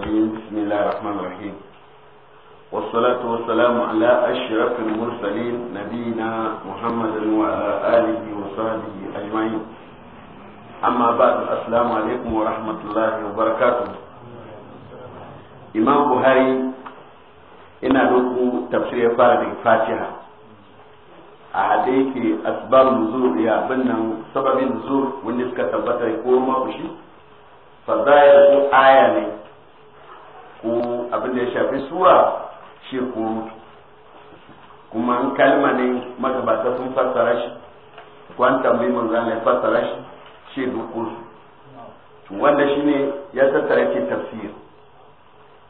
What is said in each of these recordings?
بسم الله الرحمن الرحيم والصلاة والسلام على أشرف المرسلين نبينا محمد وعلى آله وصحبه أجمعين أما بعد السلام عليكم ورحمة الله وبركاته Imam Buhari ina roƙo tafsir ya fara da Fatiha a da yake asbab nuzul ya abin nan sababin nuzul wanda suka tabbata ko ma ya fadaya ko aya ne ko abin da ya shafi sura shi mutu, kuma an kalma ne magabata sun fassara shi kwanta an tambayi manzo Allah ya fassara shi shi dukusu wanda ne ya tattara ke tafsir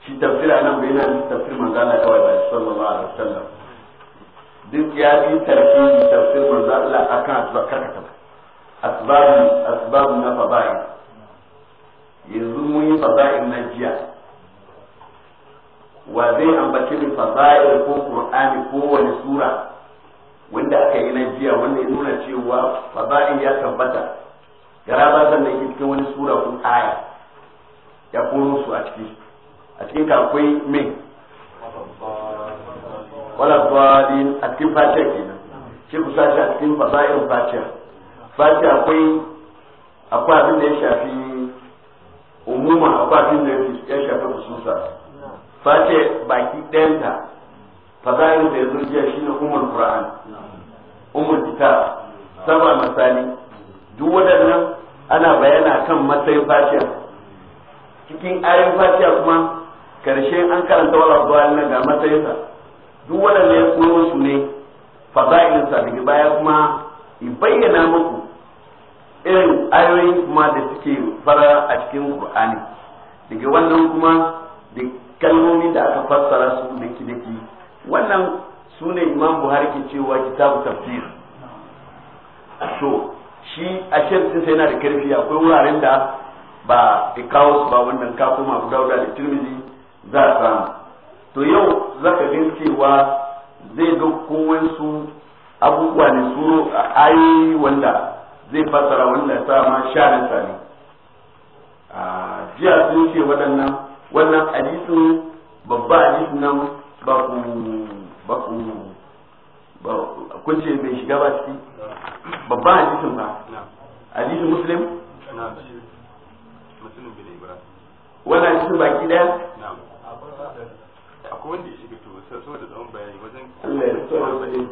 shi tafsir nan bai nan tafsir manzo Allah kawai ba sallallahu alaihi wasallam duk ya yi tarfi tafsir manzo Allah akan asbakar ka asbab asbab na fadail yanzu mun yi fadail na jiya wa zai ambaci min fadail ko qur'ani ko wani sura wanda aka yi na jiya wanda ya nuna cewa fadail ya tabbata garaba sannan yake cikin wani sura ko aya ya koro su a ciki a cikin ka akwai min wala fadin a cikin fatiha kenan shi ku sashi a cikin fadail fatiha fatiha akwai akwai abin da ya shafi umuma akwai abin da ya shafi hususa face baki ɗayanta fazayin da ya zo jiya ne umar qur'an umar jita saba misali duk waɗannan ana bayana kan matsayin fatiha cikin ayin fatiha kuma karshe an karanta wala zuwa nan ga matsayinsa duk waɗannan ya koyo su ne da daga baya kuma in bayyana muku irin ayoyin kuma da suke fara a cikin qur'ani daga wannan kuma kalmomin da aka fassara su da daki wannan su ne imam buhari ke cewa kitabu tafsir to shi a shirkin sai yana da karfi akwai wuraren da ba da kawo su ba wannan ka koma abu dauda da tirmizi za a samu to yau zaka gan cewa zai ga su abubuwa ne su a ayi wanda zai fassara wanda sa ma sha ne jiya sun ce waɗannan wannan hadisin babba hadisin nan ba ku ba ku ba kun ce bai shiga ba ciki babba hadisin ba hadisin muslim wannan hadisin baki daya akwai wanda ya shiga to da tsawon bayani wajen Allah ya tsawon bayani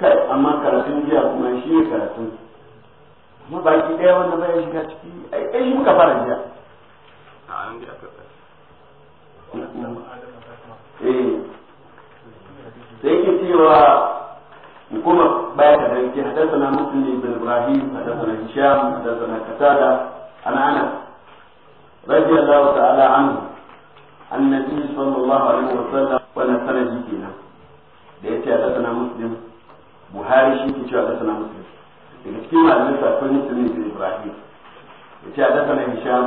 kai amma karatun jiya kuma shi ne karatun mu baki daya wanda bai shiga ciki ai ai muka fara jiya a an eh. da aka eh yake cewa hukumar baya da danki hadathana muslim ibn ibrahim hadathana hisham na katada ana anas radiyallahu ta'ala an annabi sallallahu alaihi wa sallam wannan sanadi kenan da yace na muslim buhari shi ke cewa na muslim daga cikin malamin sa akwai musulmi da ibrahim ya a hadasa na hisham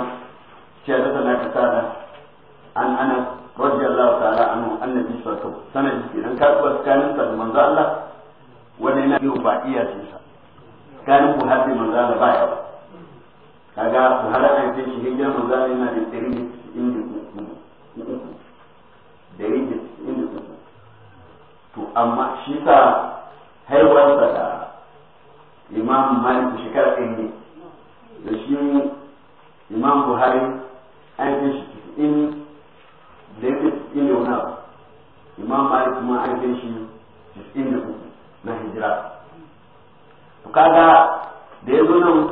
ce hadasa na kasada an ana radiyallahu ta'ala anhu annabi sallallahu alaihi wasallam sanadi kenan kasuwa tsakanin sa da manzo Allah wani yana yi ba iya ce sa tsakanin buhari manzo Allah ba ya kaga buhari an ce shi hijira manzo Allah yana da tsirin inda da yake inda to amma shi sa da imam malik shekara ɗin ne da shi imam buhari an fi shi tis'in da yake tis'in da wani abu imam malik kuma an fi shi tis'in da uku na hijira to kaga da ya zo nan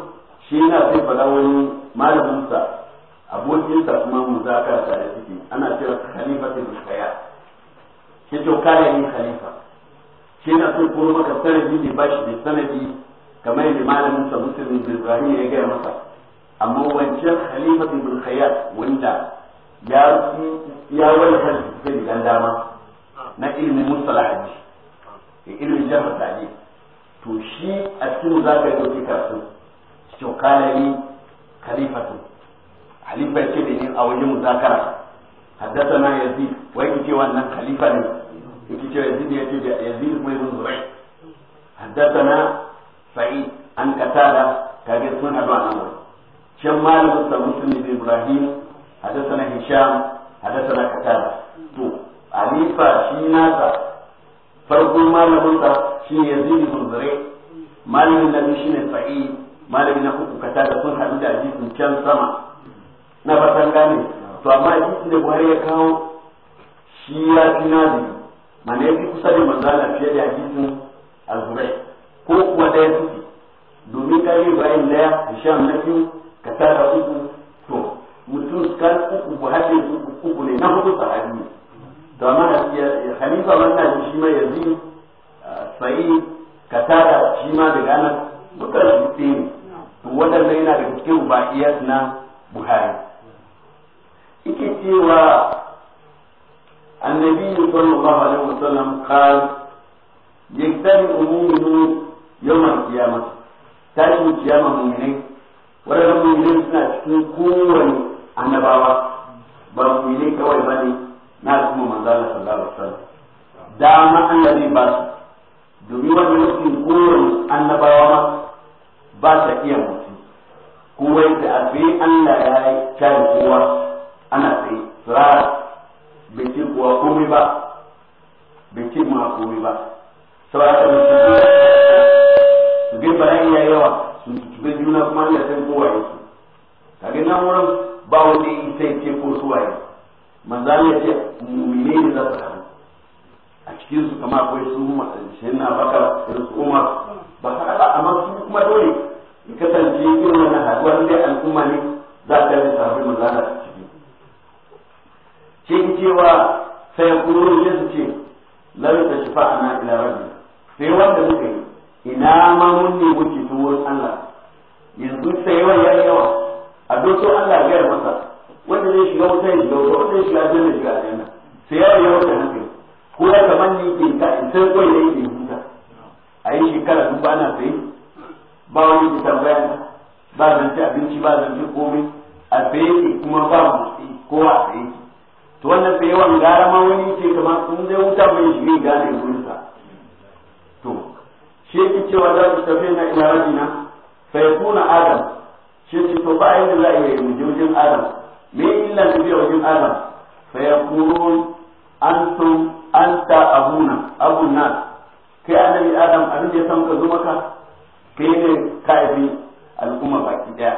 shi yana fi faɗa wani malaminsa abokinsa kuma mu muzakara tare suke ana cewa khalifatul khayat shi to kare ni khalifa shi na so kuma ka sanadi ne ba shi da sanadi kamar yadda malamin sa muslim bin ya gaya masa amma wancan khalifa bin khayyar wanda ya ya hal da dama na ilimin mustalah da ilimin jarh da to shi a cikin zaka yi dauki kafin cikin kalani khalifatu khalifa ce da yin a wajen muzakara ne يزيد ويجي وانا ne يجي يزيد يجي يزيد بن زريع na. sa'id an katada kage suna hadu a nan wuri can malamin sa muslim bin ibrahim hadathana hisham hadathana katada to alifa shi nasa farko malamin sa shi ne yazid ibn zure malamin shi ne sa'id malamin na uku katada sun hadu da hadisin can sama na fatan gane to amma hadisin da buhari ya kawo shi ya fi nazari mana ya fi kusa da manzana fiye da hadisin al-zurai ko kuma ɗaya suke domin ka yi bayan ɗaya sha na biyu ka tara uku to mutum ka uku ba haɗe uku uku ne na hudu sahabi ne to amma halifa wannan shi ma yanzu sa'i ka tara shi ma daga nan dukkan su ɗaya ne to waɗannan yana da ba iya na buhari ike cewa annabi sallallahu alaihi wasallam qal yaktani umuru yawmal kiyama mu kiyama mu'minai wadannan mu'minai suna cikin kowane annabawa ba mu'minai kawai ba ne na kuma manzala sallallahu alaihi wasallam dama da zai ba su domin wannan mutum kowane annabawa ma ba ta iya mutu kowa da an Allah ya yi kyan kowa ana sai tsara bai ce kowa komai ba bai ce ma komai ba saboda mutum sai bayani ya yawa sun tuka juna kuma Allah san kowa yake kage nan wurin ba wani yi sai ce ko suwa yake manzo ya ce mu'mine ne za su haɗu a cikin su kama akwai su na Abubakar da su kuma ba haka ba amma su kuma dole ya kasance irin wannan ne dai al'umma ne za ta yi sabbin manzo a ciki cikin cewa sai kuma ne su ce lalata shafa'ana ila rabbi sai wanda muka yi ina ma mun ne wuce su wurin Allah yanzu sai yawa ya yawa a doso Allah gayar masa wanda zai shiga wuta ya shiga wuta wanda ya shiga shiga aljanna sai yawa ya wuce nan kai ko ya kamar ni ke ta in sai koyi ne ke huta a yi shekara duk ba na sai ba wani ke tambaya ba zance abinci ba zance komai a sai ke kuma ba motsi kowa a sai to wannan sai yawan gara ma wani ke kamar in zai wuta mai shiga gane wurin shi yake cewa za ku tafi na ila rajina sai kuna adam shi ce to ba yadda za a yi mu wajen adam me illan biya wajen adam sai yakunun antum anta abuna abun kai annabi adam abin da ya san ka zo maka kai ne kaifi al'umma baki daya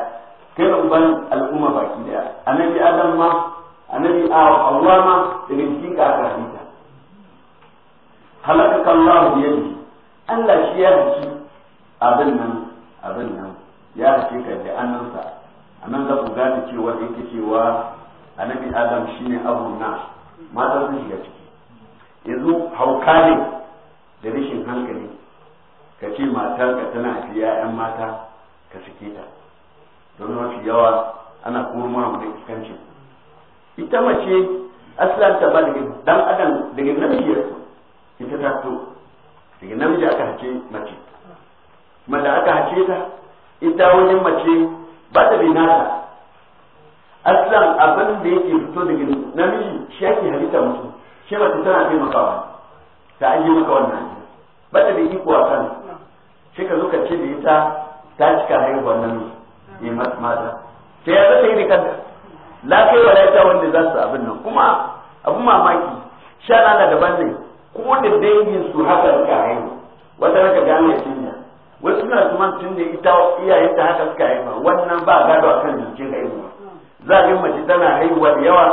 kai uban al'umma baki daya annabi adam ma annabi awwa ma daga cikin kakarinta halakaka Allah biyadihi Allah shi ya rubuci abin nan abin nan ya rubuce ka da annansa a nan za ku gane cewa yake cewa annabi adam shine abu na matan sun shiga ciki yanzu hauka ne da rashin hankali ka ce ka tana fi 'ya'yan mata ka sake ta don mafi yawa ana kuma mara da ita mace aslan ba daga dan adam daga namiji ita ta to daga namiji aka hace mace mace aka hace ta ita wajen mace ba ta bi nata aslan abin da yake fito daga namiji shi ake halitta mutu, shi mace tana taimakawa ta aje maka wannan ba ta bi iko a kan shi ka zo ka ce da ita ta cika haihuwar namiji ne mata ta ya zata yi da kanta lafiya kai wa wanda za su abin nan kuma abin mamaki sha na daban ne ko da dangin su haka suka haihu wata raka gane Allah cinya wasu suna tuman tun da ita iyayen ta haka suka haifa wannan ba gado akan jikin haihuwa za ga mace tana haihuwa da yawa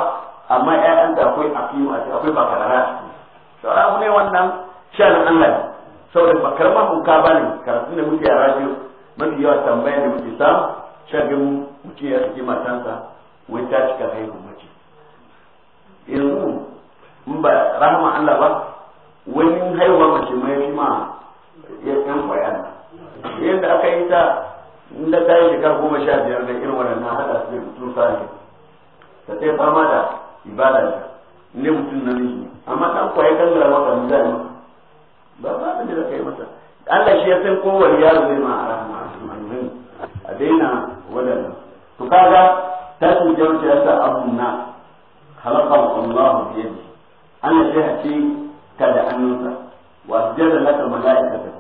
amma ƴaƴan ta akwai afiyu a akwai bakarara a ciki saura abu ne wannan shan Allah ne saboda ba ma mun ka bani karatun da muke a radio mafi yawa tambaya da muke samu shagin mutum ya cikin matansa wai ta cika haihuwa mace yanzu in ba rahama Allah ba wani haihuwa mace mai rima ya san kwaya yadda aka yi ta inda ta yi shekara goma sha biyar da irin waɗannan haɗa su ne mutum sani ta ta fama da ibada da ne mutum na miji amma ɗan kwaya kan gara maka mu zai ba ba ba ne da ka yi masa Allah shi ya san kowane yaro zai ma a rahama a daina waɗannan to kaga tashin jauce ya sa abun na halakar Allah biyar Allah shi ya ce kada hannunsa wa sujada laka mala'ikata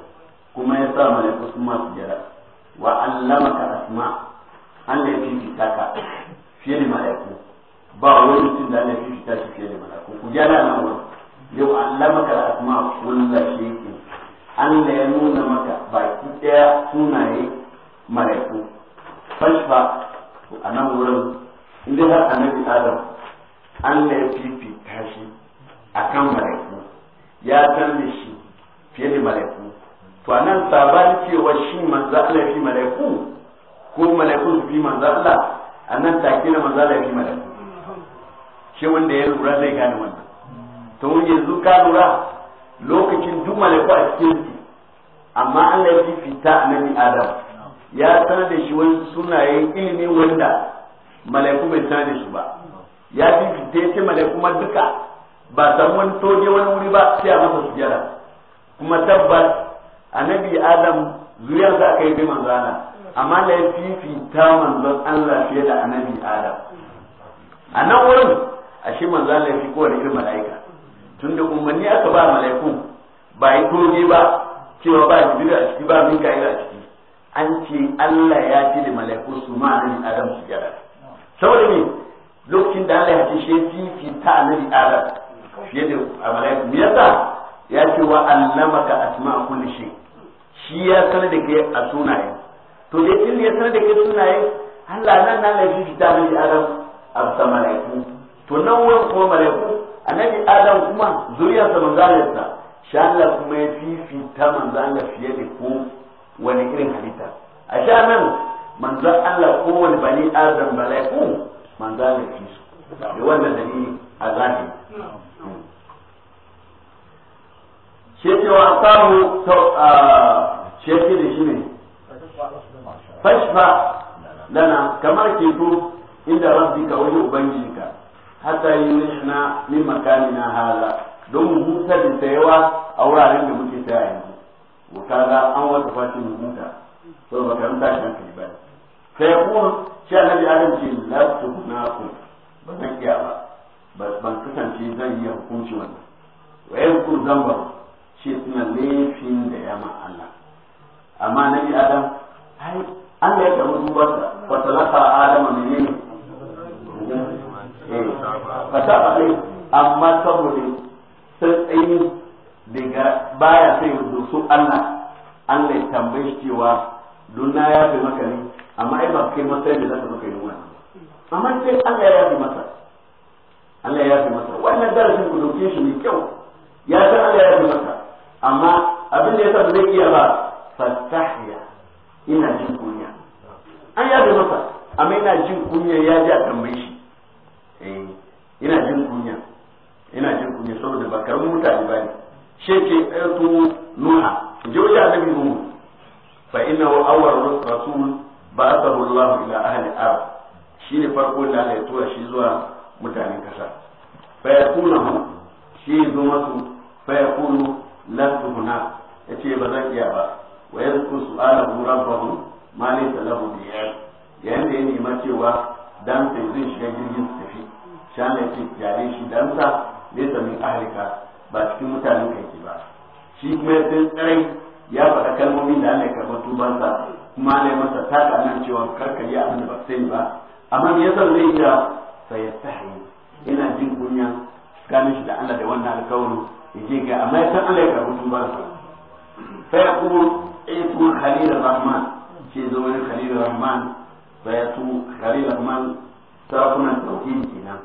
kuma ya sa kuma su ma sujada wa allamaka asma an ya fita ka fiye da malaiku ba wani mutum da Allah fita fifita shi fiye da malaiku ku jira nan wani yau allamaka asma wallahi shi da ya nuna maka baki daya sunaye malaiku fashfa a nan wurin inda har annabi adam Allah ya fifita shi akan malaiku ya canza shi fiye da malaiku to a nan sabani cewa shi manzo Allah fi malaiku ko malaiku su fi manzo Allah a nan take na manzo Allah fi malaiku shi wanda ya lura zai gane wannan to yanzu ka lura lokacin duk malaiku a cikin shi amma Allah ya fita annabi Adam ya sanar da shi wani sunayen ilimi wanda malaiku bai sanar da shi ba ya fi ya ce malaiku ma duka ba san wani toje wani wuri ba sai a masa sujada kuma tabbas annabi adam zuriyarsa aka yi bi manzana amma la fifita manzon Allah fiye da annabi adam a nan wurin shi manzon Allah fi kowane irin mala'ika tunda umarni aka ba mala'iku ba yi toje ba cewa ba jibril a ciki ba mika'il a ciki an ce Allah ya ci da mala'iku su ma annabi adam sujada saboda me lokacin da Allah ya ce shi fifita annabi adam fiye da mala'ika me yasa ya ce wa allamaka asma'a kulli shay shi ya sanar da ke a sunaye to dai tun ya sanar da ke sunaye Allah nan nan da shi da mai adam absa mala'iku to nan wurin kuma mala'iku annabi adam kuma zuriyar sa manzalarsa sha Allah kuma ya fifita manzala fiye da ko wani irin halitta a sha nan manzan Allah ko wani bani adam mala'iku manzala fi su da wannan dalili a zahiri shi wa samu shi yake da shi ne fashfa lana kamar keto inda ka wani ubangijinka hatta yunishna min makanina hala don mu huta da tsayawa a wuraren da muke tsaya yanzu wa kaga an wata fashi mu huta so ba kan tashi hankali ba sai yakun shi annabi adam ce na tuhnakum ba zan iya ba ban kasance zan yi hukunci wannan wa yankun zamba shi suna laifin da ya Allah amma na bi adam ai an da ya gamu duba ta a adama menene ne eh, ba faɗi amma saboda tsantsayi daga baya sai rubutu Allah da ya tambayi shi cewa duna ya fi maka ne amma ai ba kai yadda da zaka maka yi wani amma sai Allah ya fi masa Allah ya fi masa wannan darasin ku dauke shi ne kyau ya san Allah ya fi masa amma abin da ya samu zai iya ba fastahiya ina jin kunya an yaje masa amma ina jin kunya ya ji a tambayi shi eh, ina jin kunya ina jin kunya saboda ba karamin mutane ba ne sheke ayatu nuha je wajen annabi nuhu fa innahu awwal rasul ba'athahu Allah ila ahli arab shine farko da Allah ya tura shi zuwa mutanen kasa fa mu shi zo masu fa yakunu lastu huna yace ba zan iya ba wa yazku ba rabbahu ma laysa lahu biya yayin da ya nema cewa dan sai zai shiga jirgin su tafi Shan yace jare shi dan sa laysa min ahlika ba cikin mutanen kai ba shi kuma sai tsarai ya faɗa kalmomin da Allah ya karɓa sa kuma ne masa taka nan cewa karka yi abin ba sai ba amma ya yasa zai iya sai ya yana jin kunya ganin shi da Allah da wannan alƙawarin yake ga amma ya san Allah ya ba tuba fa ai aytu eh, khalil rahman ce zo ne khalil rahman fa yatu khalil rahman sarakunan tauhid kenan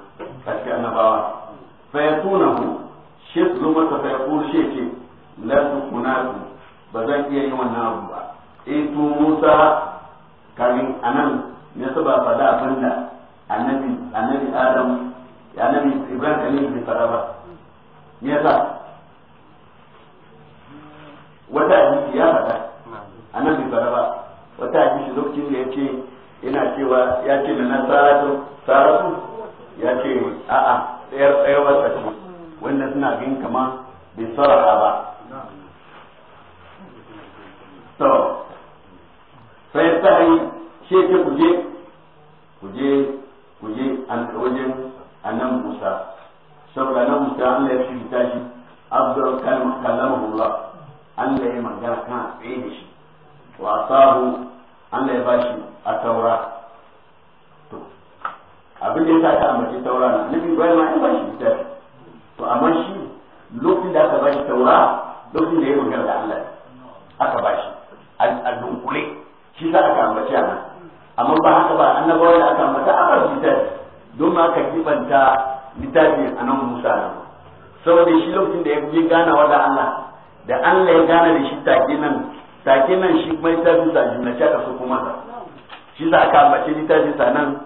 kashi annabawa fa nahu shi zo masa fa ku shi ce la ku ba zan iya yin wannan abu ba aytu eh, musa kamin anan ne saba fada abinda annabi annabi adam annabi ibrahim ne bai fada ba me yasa musulunci ya ce yana cewa ya ce da nasaratu saratu ya ce a'a tsayar tsayar wasa ce wanda suna bin kama bai sarara ba so sai sai shi ke kuje i năng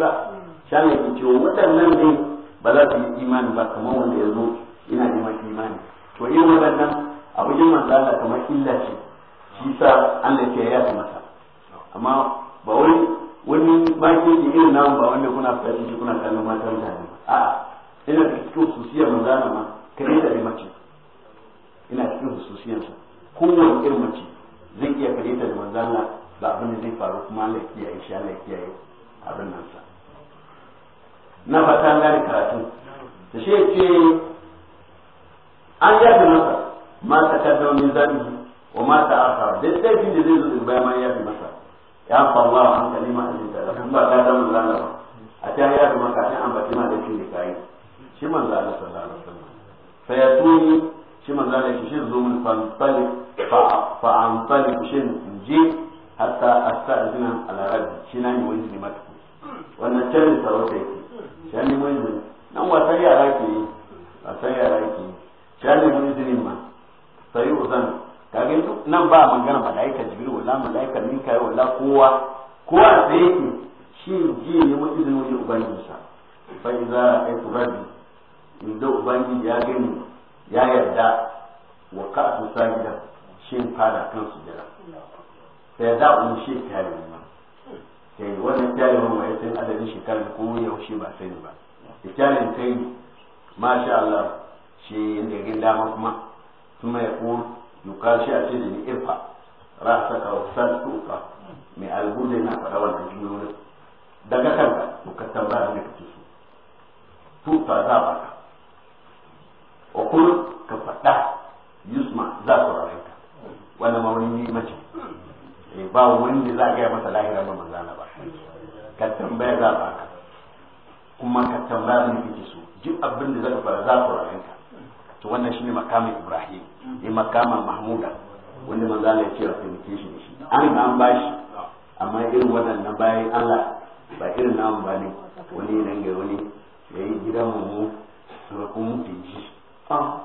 ba shan yake cewa waɗannan ne ba za su yi imani ba kamar wanda ya zo ina mafi imani to irin waɗannan a wajen manzo Allah kamar illa ce shi sa Allah ke ya ta masa amma ba wani wani baki da irin namu ba wanda kuna fadin shi kuna kallon matan mutane a ina da cikin hususiyar manzo Allah ma yi da mace ina cikin hususiyarsa kowane irin mace zai iya kare da manzo Allah ba abin da zai faru kuma Allah ya kiyaye shi Allah ya kiyaye abin nan sa na fata gane karatu da shi ya ce an fi masa ma ta kaddama min zambi wa ma ta aka da laifin da zai zo in bayan ma fi masa ya falla wa an kalima a jinta da ba ta damu lana ba a ta fi maka sai an baki ma da shi ne kai shi manzo Allah sallallahu alaihi wasallam fa yatuni shi manzo Allah shi zo mun fa fa an shi hatta astazina ala rabbi shi na yi wani ne mata wannan sarauta shan mai izini nan wasan yara ke yi wasan yara ke yi shan neman izinin ma sai usan kage duk nan ba magana malaika jibril wala malaika mika wala kowa kowa sai yake shi ji neman izinin wajen sa fa iza ay turabi da ubangiji ya gani ya yarda wa ka'atu sajida shin fara kan jira sai da shi kai sai eh, wannan kyalin mai sai adadin shekarar ko yaushe ba sani ba kyalin kai masha Allah shi da gin dama kuma kuma ya ko yuka shi a ce da ni irfa rasa ka wasan tuka mai albuda na faɗa wannan jimlolin daga kanka bukatan ba da kake so tuka za ba ka ukul ka faɗa yusma za ku rawaita wannan mawani mace Eh, ba wanda za a gaya masa lahira ba manzana ba ka tambaya za ba ka kuma ka tambaya ne kake so duk abin da zaka fara za ku rayuka to wannan shine makamin Ibrahim ne eh, makama Mahmuda wanda manzana ya ce a taimake shi da shi an an bashi amma irin waɗannan bayan Allah ba irin namu ba ne wani nan ga wani ya yi gidan mu mu kuma mu ke ji ah,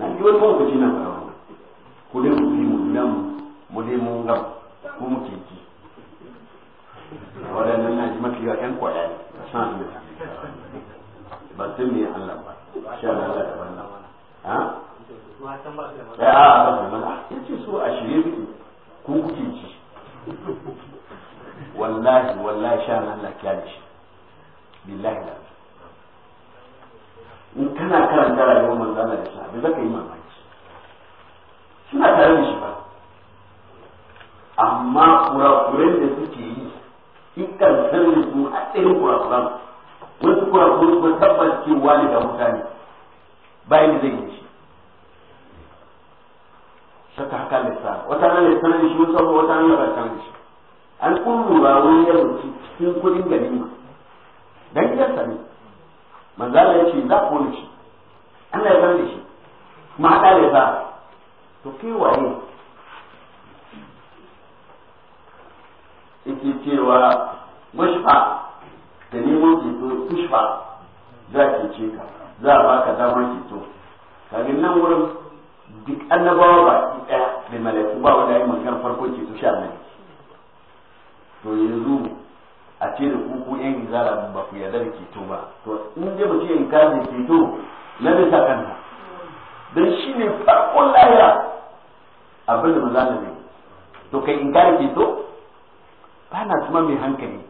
na yi wani kuma ku mawakaci na fara ku dai mu bi mu gidan mu mu dai mun gaba ko muke ji waɗannan na ji mafi yawa ƴan kwaya ne san da ba sun ne Allah ba sha Allah da wannan ha ya eh, a ba su mana yace so a shirye suke ko kuke ji wallahi wallahi sha Allah kyale ji billahi la in kana karanta rayuwar manzana da sahabi zaka yi mamaki suna tare da shi ba amma kurakuren da suke yi ikan sanin su haɗin kurakuran wasu kurakuren ko tabbas ke wani da mutane bayan da zai yi shi saka haka sa wata nan ne sanar shi wata wata nan ba sanar shi an kullura wani yaro cikin kudin ma dan ya ne manzala ya ce za ku shi Allah ya san da shi kuma haɗa da sa to kewaye. waye yake cewa mushfa da nemo ceto mushfa za ke ce ka za a baka damar ceto kagin nan wurin duk annabawa ba ki ɗaya da malaiku ba wanda yi magana farko ceto sha nan to yanzu a ce da ku ku yan zara ba ku yarda da ceto ba to in je mu ce kaji ceto na bisa kanta don shi ne farkon lahira abin da mu to kai in kare ceto ba na tuma mai hankali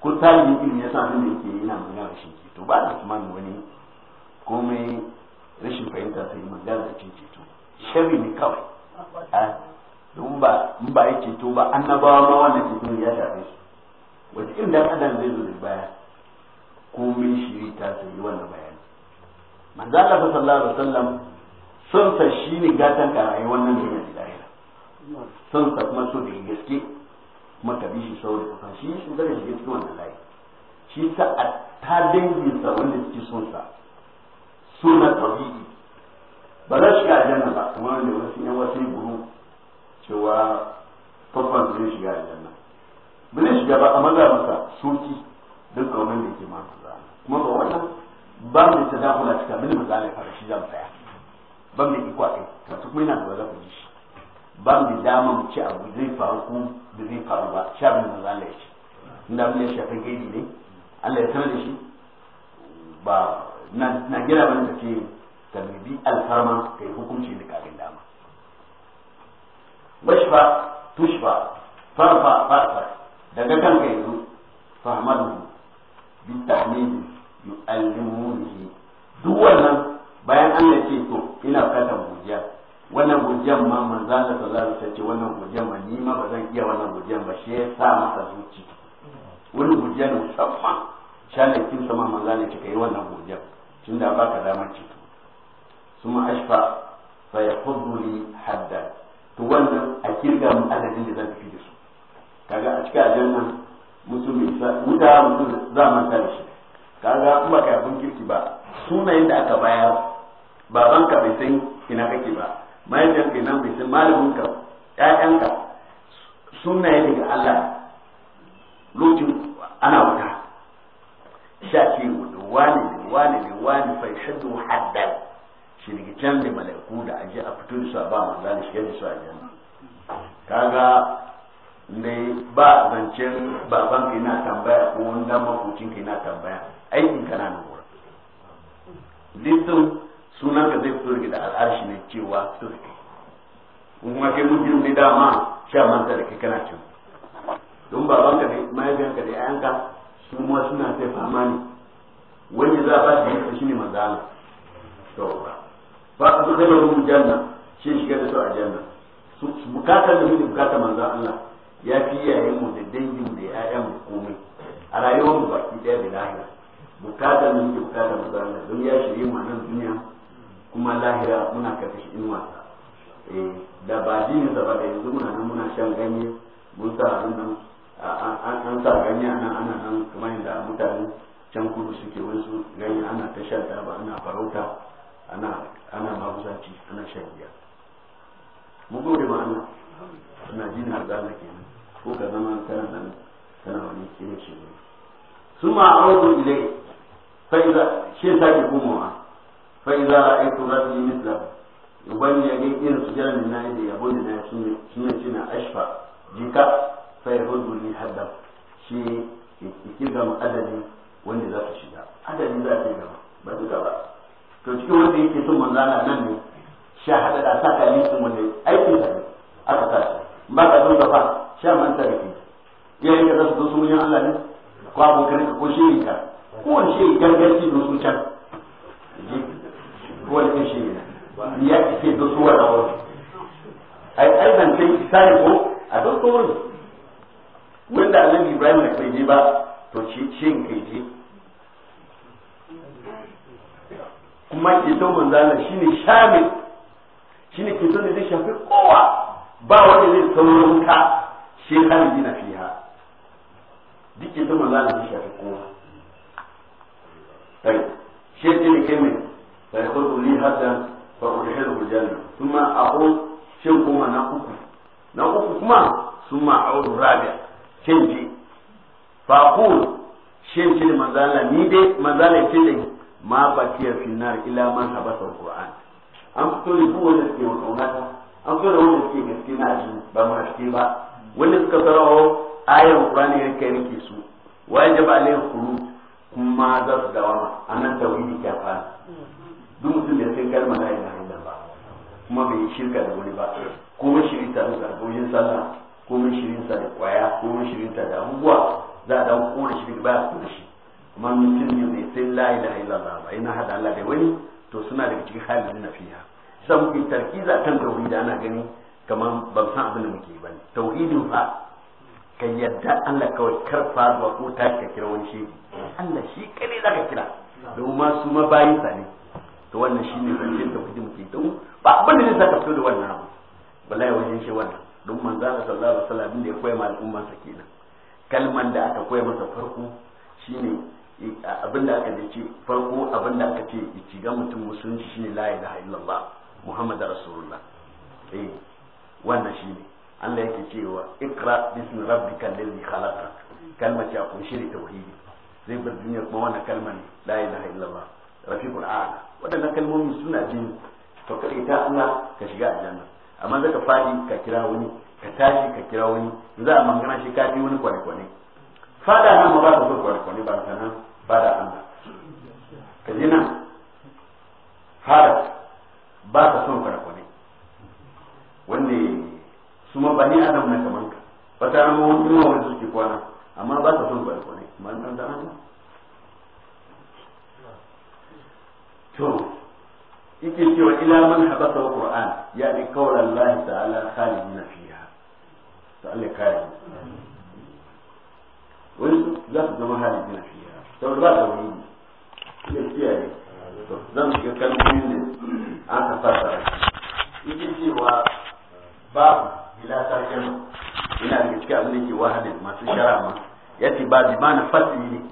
ko talibin ilimi ya samu abin da yake yana magana da shi to ba na tuma mai wani komai rashin fahimta sai magana da ceto sharri ne kawai don ba in ba yake to ba annabawa ma wannan ceto ya shafe su wata irin dan adam zai zo da baya komai shiri ta sai wannan bayani manzo Allah sallallahu alaihi wasallam son sa shine gatan ka rayuwar nan da lahira son sa kuma so da gaske kuma ka bi shi sau da kuka shi shi zai shiga cikin wannan layi shi ta a ta danginsa wanda suke son sa suna tauhidi ba za shiga aljanna ba kuma wanda wasu yan wasu buru cewa babban zai shiga aljanna ba zai shiga ba amma za masa soki don kaunar da yake masu za kuma ba wannan ba mu ta dakula cikin abin da misali fara shi zan tsaya ban mai ikwa kai kuma yana da ba za ku ji shi ba mu dama mu ci abu zai faru ko da zai faru ba sha bin manzo Allah ya ce inda abin ya shafi gaibi ne Allah ya sanar da shi ba na gina gira ban da ce tabibi alfarma kai hukunci da kafin dama bashfa tushfa farfa farfa daga kan kai yanzu fahmadu bi tahmidi yu'allimuni duk wannan bayan Allah ce to ina fatan bujiya wannan gujiyan ma manzo Allah sallallahu ta ce wannan gujiyan ma ni ma ba zan iya wannan gujiyan ba shi ya sa masa zuci wani gujiyan musamman shalakin sama manzo ne cika yi wannan da tunda ka damar ciki ma ashfa fa yaqudu li hadda to wannan a kirga mun adadin da zan fi da su kaga a cikin aljanna mutum sa wuta mutum za manta da shi kaga in ba ka yafin kirki ba sunayen da aka bayar babanka bai san ina kake ba mahaifiyar ka nan bai san malamin ka ƴaƴan ka sunnaye daga Allah lokacin ana wuta sha ce wani wani wani wani wani fai shaddu haddal shi daga can da mala'iku da aje a fito su a ba mu da shi su a janna kaga ne ba zancen baban ka yana tambaya ko wani dan makocin ka yana tambaya aikin kana nan wurin sunan ka zai fito da al'arshi ne cewa su suke kuma kai mutum ne dama sha manta da kai kana cin don baban ka ne mahaifiyar ka ne a yanka su ma suna sai fama ne wani za a ba shi yanka shi ne manzana to ba su zai mun janna shi shiga da su a janna su bukatar da muke bukatar manzan Allah ya fi iyayen mu da dangin da ya'yan mu komai a rayuwar mu baki daya da lahira bukatar da muke bukatar manzan Allah don ya shirye mu a nan duniya kuma lahira muna kafi karkashin wasa. Eh, da ba ji da ba da yanzu muna nan muna shan ganye mun sa abin nan an sa ganye ana ana nan kamar yadda mutane can kudu suke wasu ganye ana ta shan ba ana farauta ana ana maguzaci ana shan giya mu gode ma ana ina jin har da nake ko ka zama kana nan kana wani kiran shi ne suma a'udu ilai fa iza shi sake komawa فإذا رأيت ربي مثله ubangi ya gai irin sujjada na yi da yabo da shi ne shi jika fai hudu ni shi ki gama adadi wanda za ka shiga adadi za ka gama ba duka ba to cikin wanda yake son manzana nan ne sha hada da sa ka listin wanda aikin sa ne aka sa shi ba ka zo sha manta da ke ka za su Allah ne ko ka can هو اللي يمشي يأتي في الدستور الأول أي أيضا ثاني هو annabi ibrahim da je ba to shin kai je kuma shine shine zai shafi kowa ba zai saurin ka shi kan gina fiha duk zai shafi kowa shi ne kai فيقول لي هذا فأدخله الجنة ثم أقول شن كما نأكل نأكل كما ثم أعود رابع شن جي فأقول شن جي مزالة نيدي مزالة كده ما بقي في النار إلا من حبس القرآن an fito da duk wanda suke makaunata an fito da wanda suke na aji ba mu haske ba wanda suka sarawa ayan qur'ani ya kai rike su wajaba alaihim kuma za su dawama anan tauhidi ke fara duk mutum da sai kalma la ilaha illallah kuma bai yi shirka da wani ba ko mun shirin ta da zargoyin sallah ko mun shirin ta da kwaya ko mun shirin ta da abubuwa za a dan kore shi ba ya kore shi amma mutum ne mai sai la ilaha illallah ba ina hada Allah da wani to suna daga cikin halin na fiya sai muke tarkiza kan tauhidi ana gani kamar ban san abin da muke ba ne tauhidin fa ka yadda Allah kawai kar faruwa ko ta ka kira wani shi Allah shi kane zaka kira domin ma su ma bayin sa ne to wannan shine zancen da kuke muke don ba abin da zai sa fito da wannan abu wallahi wajen shi wannan don manzo Allah sallallahu alaihi wasallam da ya koyar ma al'umma sa kenan kalman da aka koyar masa farko shine eh, abin da aka ce farko abin da aka ce ga mutum musulunci shine la ilaha illallah muhammad rasulullah eh wannan shine Allah yake cewa ikra bismi rabbikal ladzi khalaq kalma ce a kunshi da tauhidi zai bar duniya kuma wannan kalmar la ilaha illallah rafiqul a'la waɗannan kalmomi suna jini to ka ita Allah ka shiga aljanna amma zaka fadi ka kira wani ka tashi ka kira wani za a mangana shi ka wani kwane-kwane fada nan ba ka so kwane-kwane ba ta nan fada Allah ka ji nan fada ba ka son kwane-kwane wanne su ma bani adam na kamanka wata ranar wani wani suke kwana amma ba ka son kwane-kwane ma dan dan to yake cewa ila man habata alquran ya ni kawar Allah ta'ala khalidina fiha to Allah kare wani za su zama fiye ta wani ba da wani ne ya fiye ne to zan ga kalmomi ne an ka fasa yake cewa babu bila tarjama ina da cikin abin da ke wahadin masu shara ma ce ba bi na fasili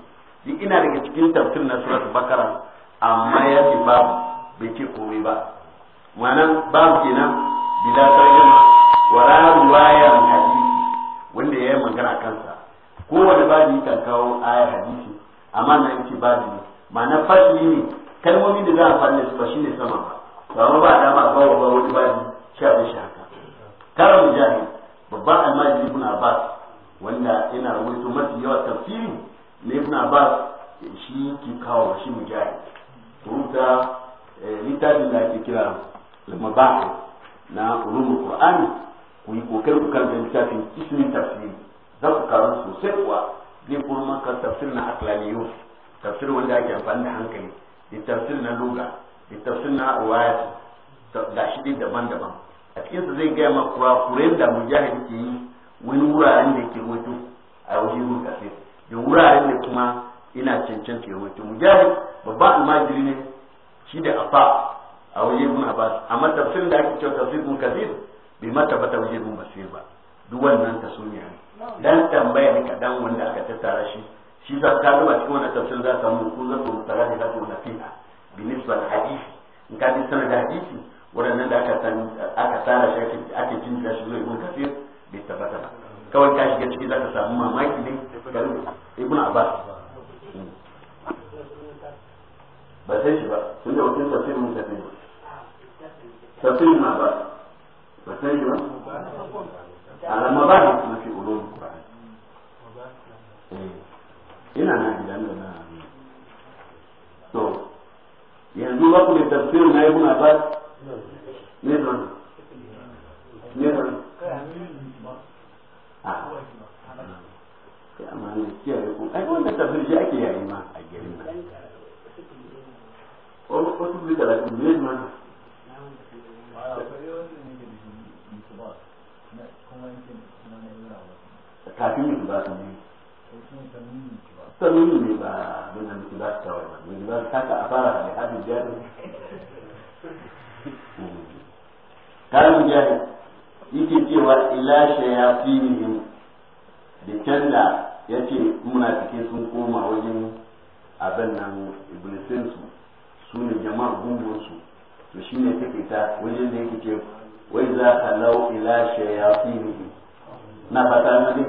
ne ina daga cikin tafsir na suratul bakara amma ya ce babu bai ce komai ba wannan babu kenan bila tarjama wala ruwayar hadisi wanda ya magana kansa kowane babu kan kawo ayar hadisi amma na yake babu ne ma'ana fashi ne kalmomi da za a fara su ba ne sama ba ba ba da ma ba ba wani babu sha da sha ka kara mujahid babban almajiri ibn abbas wanda yana rubuto mafi yawa tafsiri na ibn abbas shi ke kawo shi mujahid rubuta eh, littafin da ake kira lama lamaba na ulumul qur'ani ku yi kokarin ku karanta littafin ismin tafsiri za ku karu sosai kuwa zai kuma maka tafsir na aklaliyus tafsir wanda ake amfani da hankali da tafsir na luga da tafsir na awayat da shi daban-daban a cikinsa zai gaya ma kurakuren da mujahid ke yi wani wuraren da ke wato a wajen rubuta da wuraren da kuma ina cancanta ya wato babba babban almajiri ne shi da afa a waje mun basu amma tafsirin da ake cewa tafsir mun kafir bai mata bata waje mun basir ba duk wannan so ne dan tambaya ne kadan wanda aka tattara shi shi za ka duba cikin wannan tafsir za ka samu ko za ka mutara da kafin na fiha bi nisbal hadisi in ka bi sanar da hadisi waɗannan da aka san aka tsara shi ake jin da shi zuwa ibn kafir bai tabbata ba kawai ka shiga ciki za ka samu mamaki ne ibn abbas بس ايش بقى؟ سنة وتين تصير من تفسير تفسير ما بقى؟ بس ايش بقى؟ على مباحث ما في قلوب القرآن هنا إيه. انا إيه عندي لان انا يعني دول وقت التفسير ما يكون عباس نيرا نيرا اه يا ما نسيت يقول اي وين التفسير جاي wasu biyu talatin biyu ne wata kafin yi ba su ne sanuni ne ba bin da mutu ba su kawai ba mai ba su taka a fara da hadin jari karin jari yake cewa ila shayafihim da ya sun koma wajen abin nan iblisinsu su ne jama'a gungunsu to shi ne take ta wajen da yake ce wai za ka lau ila shayafini na fata na ne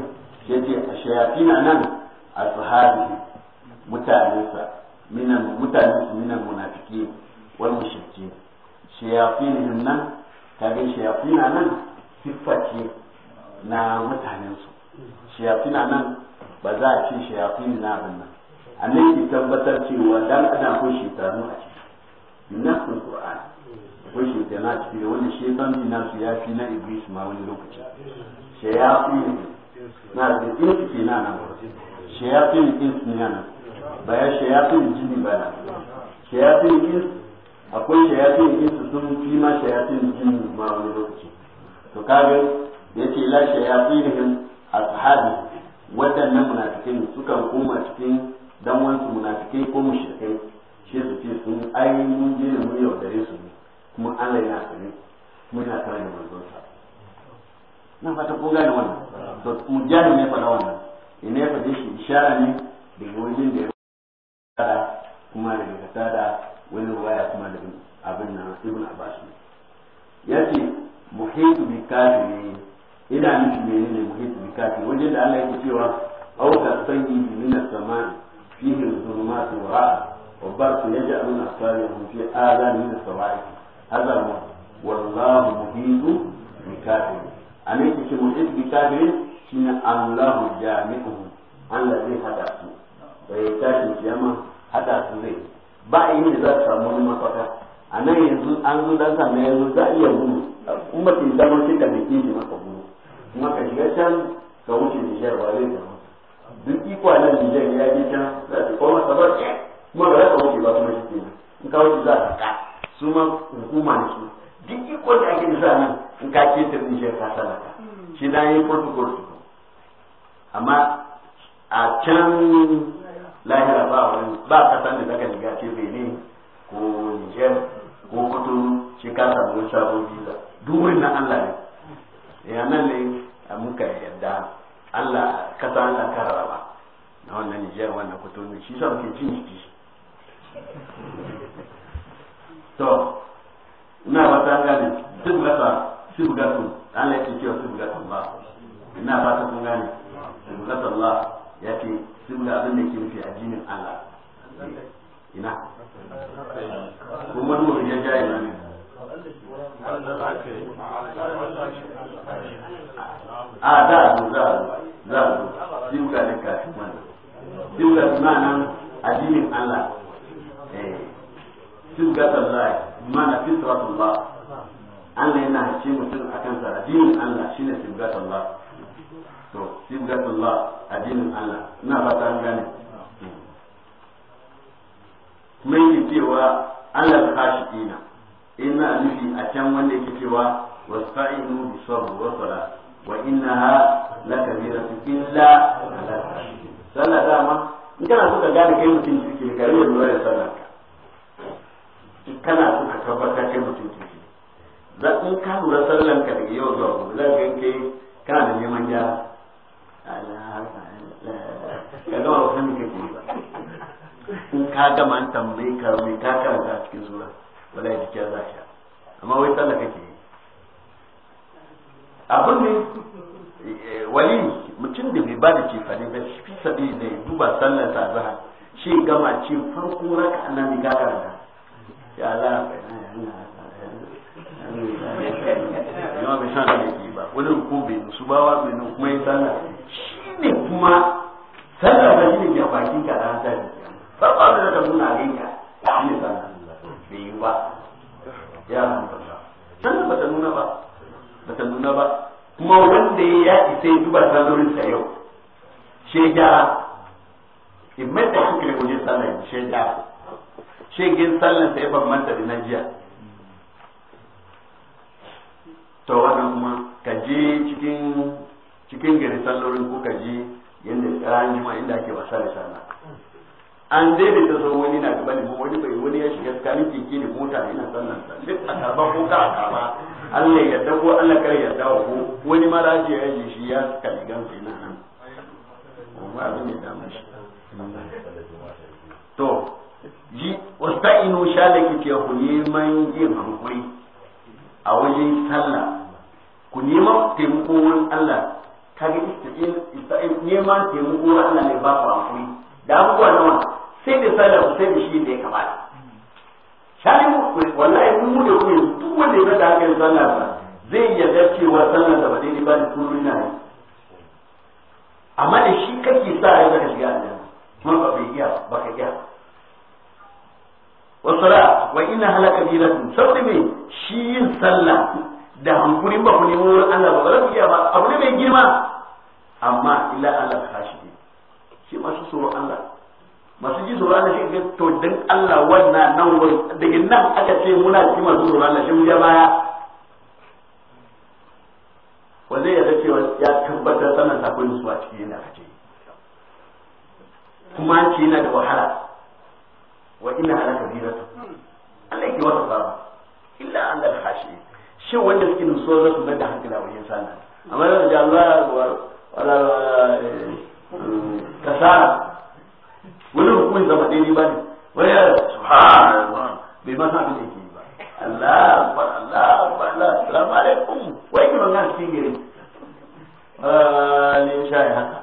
ya ce shayafina nan a hajji mutanensa minan mutanensu minan munafiki wani mushrikin shayafinin nan kaga shayafina nan siffa ce na mutanensu shayafina nan ba za a ce shayafin na abin nan annabi tabbatar cewa dan adam ko shaytanu a ciki nasin Qur'an akwai shekana ciki da wanda shekanci nasu ya fi na Iblis ma wani lokaci shayafi na da insu ke na nan shayafi insu ne nan ba ya shayafi jini ba na shayafi insu akwai shayafi insu sun fi ma shayafi jini ma wani lokaci to kaga yace la shayafi ne ashabi waɗannan munafikai sukan koma cikin dan wansu munafikai ko mushrikai sai su ce sun ai mun je ne mun yaudare su ne kuma Allah yana sani mun yana kare manzonsa na fata kun gane wannan to mujahid ne faɗa wannan ina ya faɗe shi ishara ne da wajen da ya faɗa kuma daga kasa da wani waya kuma da abin na ibn abbas ne ya ce muhitu bi kafiri ina nufi menene muhitu bi kafiri wajen da Allah yake cewa auka sanyi min as-sama'i fihi dhulumatun ra'a وبارك يجعلون أفكارهم في آذان من الصواعق هذا والله مهيد بكافر أن يكتش مهيد بكافر شين الله جامعهم Allah zai hada su bai tashi kiyama hada su zai ba a yi da za su samu wani mafaka a nan yanzu an zo dan samu yanzu za a iya gudu in ba damar sai ka mai kishi maka gudu kuma ka shiga can ka wuce Nijar ba zai zama duk iko a nan Nijar ya je can za su koma kuma ba za ka ba kuma shi ke in ka wuce za ka ka su ma hukuma ne su duk ikon da ake nisa nan in ka ce ta zin shekara sadaka hmm. shi da yi protocol su amma a can lahira ba wani ba kasan da zaka shiga ce ne ko niger ko kutu shi ka samu sabon visa duwurin na allah ne ya nan ne muka yadda allah kasa allah karara ba na wannan niger wannan kutu shi sa muke jin shi to ina ba ta gane duk rasa sibgatu Allah yake cewa sibgatu Allah ina ba ta kun gane sibgatu Allah yake sibga abin da ke nufi jinin Allah ina kuma mun ya jaye ne a da zo da za zo sibga ne kafin wannan sibga ma'anan addinin Allah cin eh. gasar lai mana fitratullah Allah yana hace mutum a kansa addinin Allah shine cin gasar lai to cin gasar lai addinin Allah ina fata an gane mai cewa Allah khashiina ina nufi a can wanda yake cewa wasu wasta'inu bi sabr wa salat wa innaha lakabiratun illa ala sallah dama in kana so ka gane kai mutum kirki ke ka da lura da in ka lura sallan ka daga yau zuwa gobe za ka yanke kana da neman gyara ka gama ba sani kake ba in ka gama an tambayi ka mai ka karanta a cikin sura wala ya jikiya za sha amma wai sallah kake yi abin ne eh, wali mutum da bai ba da cefane ba fi sabi ne duba sallar sa zaha shi gama ce farko raka annabi ka karanta ya Allah ya san da yake ba wani ruku bai musu ba wa bai kuma yi sallah shi ne kuma sallah da shi ne ke bakin ka da hanzari sallah da zaka nuna ganka shi ne sallah bai yi ba ya hanzarta sallah ba ta nuna ba ba ta nuna ba kuma wanda ya isa ya duba salorin sa yau she gyara in mai da shi kire wajen sallah she gyara she gin sallah sai ban manta da na jiya to wannan kuma ka je cikin cikin gari sallorin ku ka je yadda ran juma inda ake wasa da sana an daidaita so wani na gaba ne wani bai wani ya shiga tsakanin keke da mota ina sallan sa duk a karba ko ka a karba Allah ya yarda ko Allah kar ya dawo ko wani ma laji ya yi shi ya kalli gan sai nan amma abin da mun shi to ji inu shalaki ke ku neman yin hankali a wajen sallah ku neman taimako wurin Allah ka ga neman taimako wurin Allah ne ba ku amfani da abubuwa nawa sai da sallah sai da shi da ya kamata shani wallahi mun mu da kuma duk wanda ya da haka sallah ba zai yarda cewa sallah da ba daidai ba da kullun na ne amma da shi kake sa ya zaka shiga aljanna kuma ba bai iya ba ka iya wasala wa ina halaka bilatun saboda me shi yin sallah da hankurin ba ku nemo wurin Allah ba ba ku iya ba abu ne mai girma amma illa Allah kashi ne shi masu tsoro Allah masu ji tsoro Allah shi ne to dan Allah wannan nan wurin daga nan aka ce muna ji masu tsoron Allah shi mu ya baya wanda ya zace wa ya tabbatar sanan sakon su a cikin yana kace kuma ce yana da wahala وإنها لكبيرة الله يجي وقت ضرب إلا أن الخاشي شو وين تكين صورة ما دهن كلا وينسان أما لو جاء الله ولا ولا كسارة ولو كون زمان ديني بني ويا سبحان الله بما تعمل إيه الله أكبر الله أكبر السلام عليكم وين من الناس تيجي؟ آه لي شاي هذا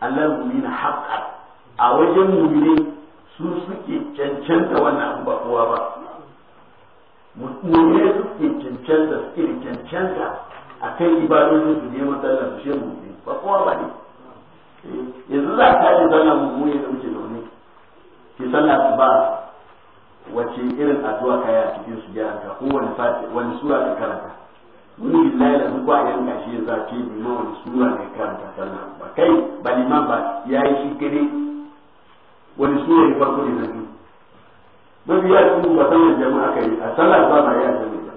Allah mu'mina haqqan a wajen mu'mini su suke cancanta wannan abu ba kowa ba mu'mini suke cancanta suke cancanta a kan ibadojin su je masallar su shi mu'mini ba kowa ba ne eh, yanzu za ta yi sallah mu'mini da muke zaune ki sallah su ba wace irin addu'a kaya cikin su gyara ka ko wani sura ka karanta wani lillahi da muku a ka shi ya zafi liman wani sura ne ta sallah ba kai ba liman ba ya yi shi gane wani sura ne farko ne na biyu ya su ba sanin jama'a kai a sallah ba ba ya sani ba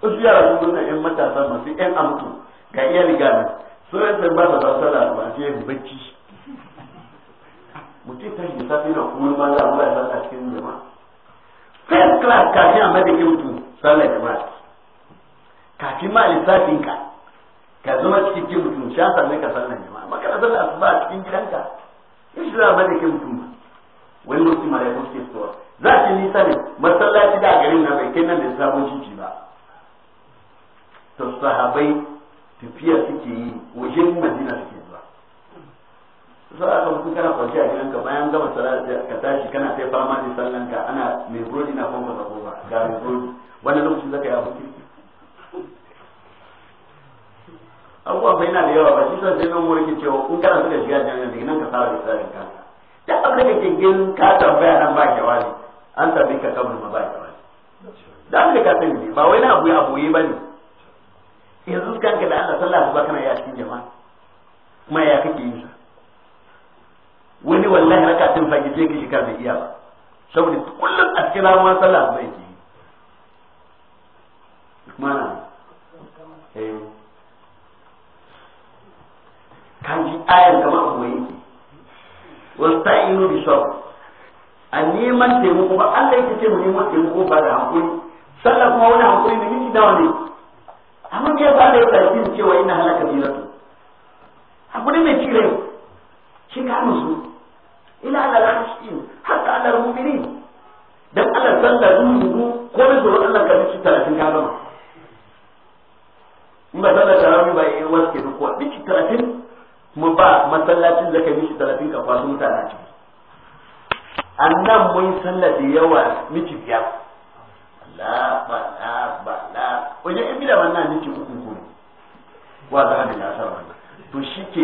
wasu yara sun wannan yan matasa masu yan amtu ga iya riga na sauran sai ba ba sallah ba sai yin bacci mutum ta shi safi na kuma ma za a wula sallah cikin jama'a first class kafin a madadin mutum sallah jama'a kafin ma lissafin ka ka zama cikin mutum sha sannan ka sallan jama'a maka na sallan ba a cikin gidanka in shi za a bada ke mutum ba wani lokaci malaikun suke fitowa za ki nisa ne masallaci da garin na bai kai nan da sabon cici ba to sahabai tafiya suke yi wajen madina suke so aka mutu kana kwanci a gidanka bayan gama sallah ka tashi kana sai fama da sallan ka ana mai burodi na kwanka da kofa ga mai burodi wannan lokacin zaka yi abokin abubuwa yana da yawa ba shi son sai zan wurin cewa in kana suka shiga jami'a daga nan ka fara da tsarin kanka da abin da kingin ka tambaya nan ba jawabi an tambaye ka kabul ma ba jawabi da abin da ka sani ne ba wai na abuye abuye ba ne yanzu kanka da Allah sallah ba kana ya cikin jama'a kuma ya kake yi wani wallahi raka tun fage je ka bai iya ba saboda kullum a cikin ramuwar sallah bai ke yi mana an ji ayan kamar a goyi wasta'inu bi sabr a neman taimako ba an laifin ce mu neman taimako ba da hankuri sallah kuma wani hankuri da miki dawa ne amma me ba da ya tsarki cewa ina halaka biratu hakuri mai cire shi ka musu ila ala al-khashin hatta ala al-mu'minin dan Allah sallah dubu ko da zuwa Allah ka miki 30 ka gama in ba sallah tarawih ba yi wasu ke duk ko miki 30 mu ba masallacin da kai mishi talatin ka kwasu mutane a ciki annan mun sallah da yawa miki biyar Allah ba la ba la wajen ibida wannan miki uku ko wa za a da nasar wannan to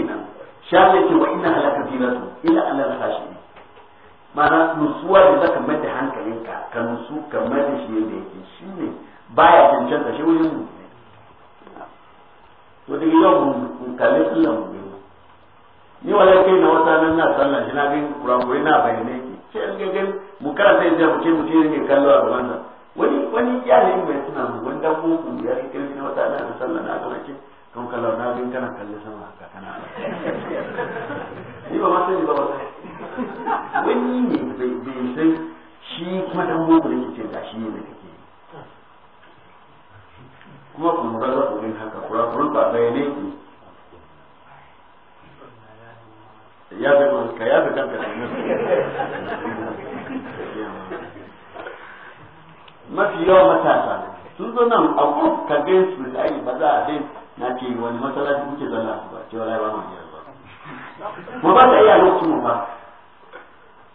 nan shan ce wa ina halaka dinatu ila alal ne ma'ana nutsuwa da zaka mai da hankalinka ka nutsu ka mai da shi yadda yake shine baya cancanta shi wajen mutum to daga yau mun kalli sallan mu ni wa yake na wata nan na sallan shi na bin kurakuri na bayyane ki sai an ga gan mu kara sai da mutum mutum ne kallo a gaban nan wani wani iyalin mai suna mu wani dan ku ya yi kirki na wata nan na sallan na gaban ki to kallo na bin kana kalle sama ka kana ni ba ma sai ba ba wani ne bai sai shi kuma dan boko ne ke da shi ne mai kuma kun ga za ku haka kurakurin ba bayyane ki ya fi ka ya fi kanka da nan mafi yawa matasa sun zo nan a ko ka ga su da ai ba za a dai na ce wani masallaci kuke zalla su ba ce wallahi ba mu iya ba mu ba ta iya lokacin mu ba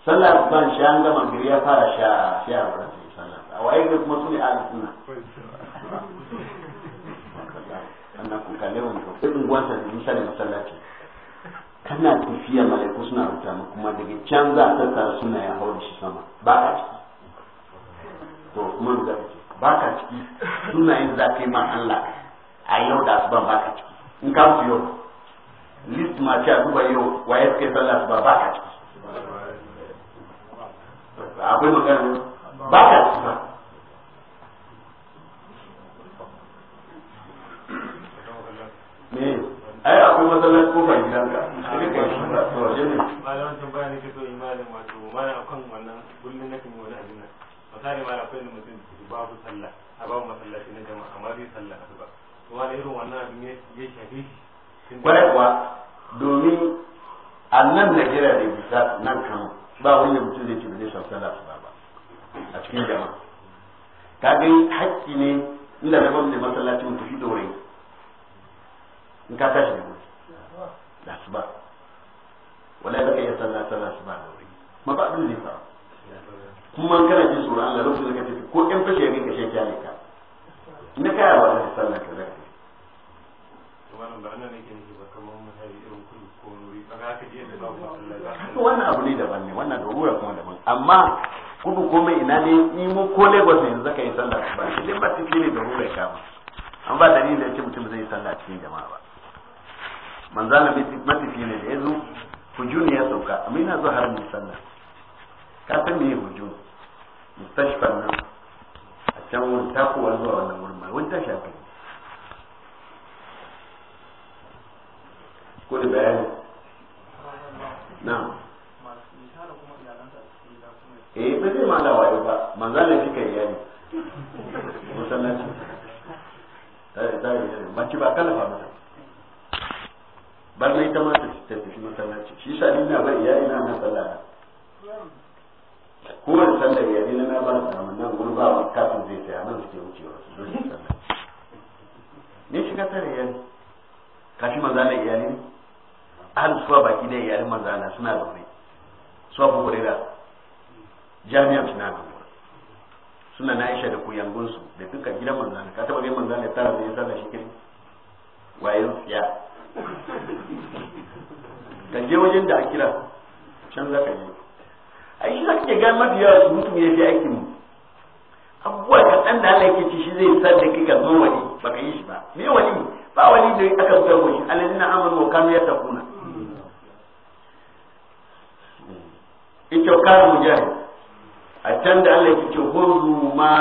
sallar ban sha an gama gari ya fara sha sha ba ta sallar a waye ga kuma su sune ahli sunna annakum kalewan ko ibn gwanta da misali masallaci kana tafiya malaiku suna rubuta mu kuma daga can za a tattara suna ya hau da shi sama ba ka ciki to kuma da ce ba ka ciki suna yin za ka yi ma Allah a yau da asuba ba ka ciki in ka su yau list ma ce a duba yau waye suke sallah asuba ba ka ciki akwai magana ba ka ciki ba ai akwai masallaci kofar gidanka ka yi shura to waje ne imanin wato mana akan wannan yi wani abin nan misali akwai mutum babu sallah a babu masallaci na jama'a amma zai sallah asuba to irin wannan abin ya shafi shi kwarai kuwa domin a nan da jira da bisa nan kan ba wani mutum zai ce ba zai sallah asuba ba a cikin jama'a ka ga hakki ne inda na gwamnati in ka tashi da wuri da wala wallahi baka iya sallah sallah ba da wuri ma ba abin da ya kuma an kana jin tsoron Allah lokacin da kake ko in fashe ne ka shake ne ka in ka yawa da sallah ka zaka wannan irin ko da babu Allah wannan abu ne daban ne wannan darura kuma daban amma kudu komai ina ne ni mu ko Lagos ne yanzu zaka yi sallah ba shi ne ba cikin ne ruwa ka ba an ba dalilin da yake mutum zai yi sallah cikin jama'a ba manzana matafi ne da ya zo hujun ya sauka amma zuwa har mai ka san me hujun mustashfar nan a can wurin takowa zuwa wannan wurin ma wani shafi ko da bayani eh ba zai ma da wayo ba shi iyali ta yi ba kalafa bar mai ta ma ta tafi masallaci shi sa ni na bar ina na sallah kowane sallar ya ina na bar su amma nan gurin ba wani kafin zai tsaya nan suke wa su zo sallah ne shiga tare ya kashi manzana iyali ne suwa baki da iyalin manzana suna wuri suwa bukurera jami'an suna wuri suna na aisha da kuyangunsu da duka gidan manzana ka taba ganin manzana ya tara da sallah shi kin wayo siya kan je wajen da a kira can za ka je a shi za ka ga mafi yawa su mutum ya fi aikin mu abubuwa kaɗan da Allah yake ci shi zai sa da kai ka zo wani ba ka yi shi ba me wani ba wani da aka fitar wani alladina amanu wa kanu yattaquna ita mu mujahid a can da Allah yake ce hurru ma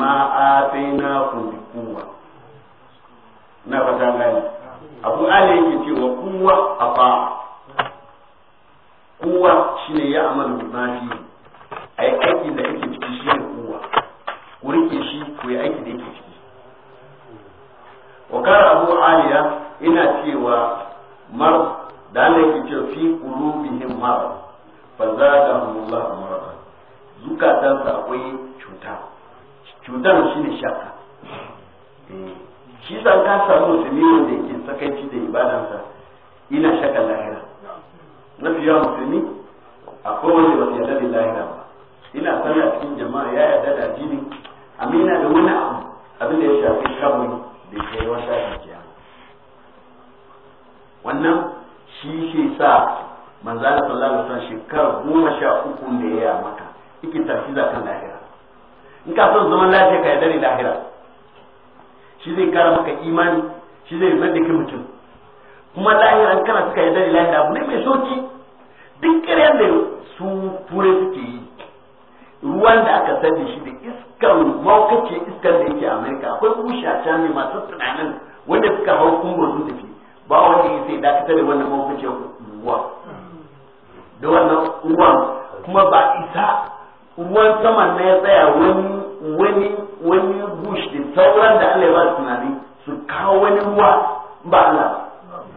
ma ataina na bi kuwa na fata gani abu ala yake cewa kowa a ba kowa shine ya amana bi ma fi a yi aiki da yake ciki shi ne kowa ku rike shi ku yi aiki da yake ciki wa kara abu aliya ina cewa mar da Allah yake cewa fi qulubihim marad fa zadahum Allah ta sa akwai cuta cutar shine shakka eh. shi zan ka samu musulmi wanda yake sakaici da ibadansa ina shakar lahira na yawan musulmi a kowace wasu yarda da lahira ba ina sanya cikin jama'a ya yadda da jini amma yana da wani abu abin da ya shafi kawai da ke wata dukiya wannan shi shi sa manzana sallar da wasallam shekara goma sha uku da ya yi a maka iki tafi zakan lahira in ka son zaman lafiya ka yarda da lahira shi zai kara maka imani shi zai zai da kai mutum kuma lahira an kana suka yarda da lahira abu ne mai sauki duk ƙaryar da su ture suke yi ruwan da aka sani shi da iskar maukace iskar da yake amerika akwai can ne masu tunanin wanda suka hau kungo sun tafi ba wanda ya sai dakata da wannan maukace ruwa da wannan ruwan kuma ba isa ruwan saman na ya tsaya wani wani bush da sauran da Allah ya ba su tunani su kawo wani ruwa ba Allah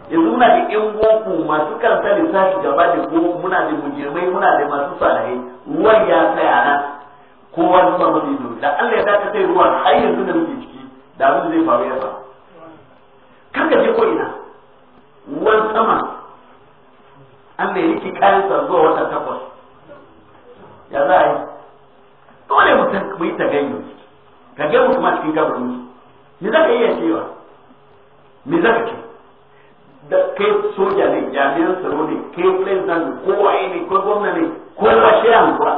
yanzu muna da yan boko masu karanta lissafi gaba da boko muna da mujirmai muna da masu salahai ruwan ya tsaya na kowa zuwa mafi zo da Allah ya dace sai ruwan har yanzu da muke ciki da abin zai faru ya ba je ko ina ruwan sama Allah ya kayan zuwa wata dole mu yi tagayyu ka ga mu kuma cikin kabarin me zaka iya cewa me zaka ce da kai soja ne jami'an tsaro ne kai president ne ko waye ne ko gwamna ne ko ba shi an kura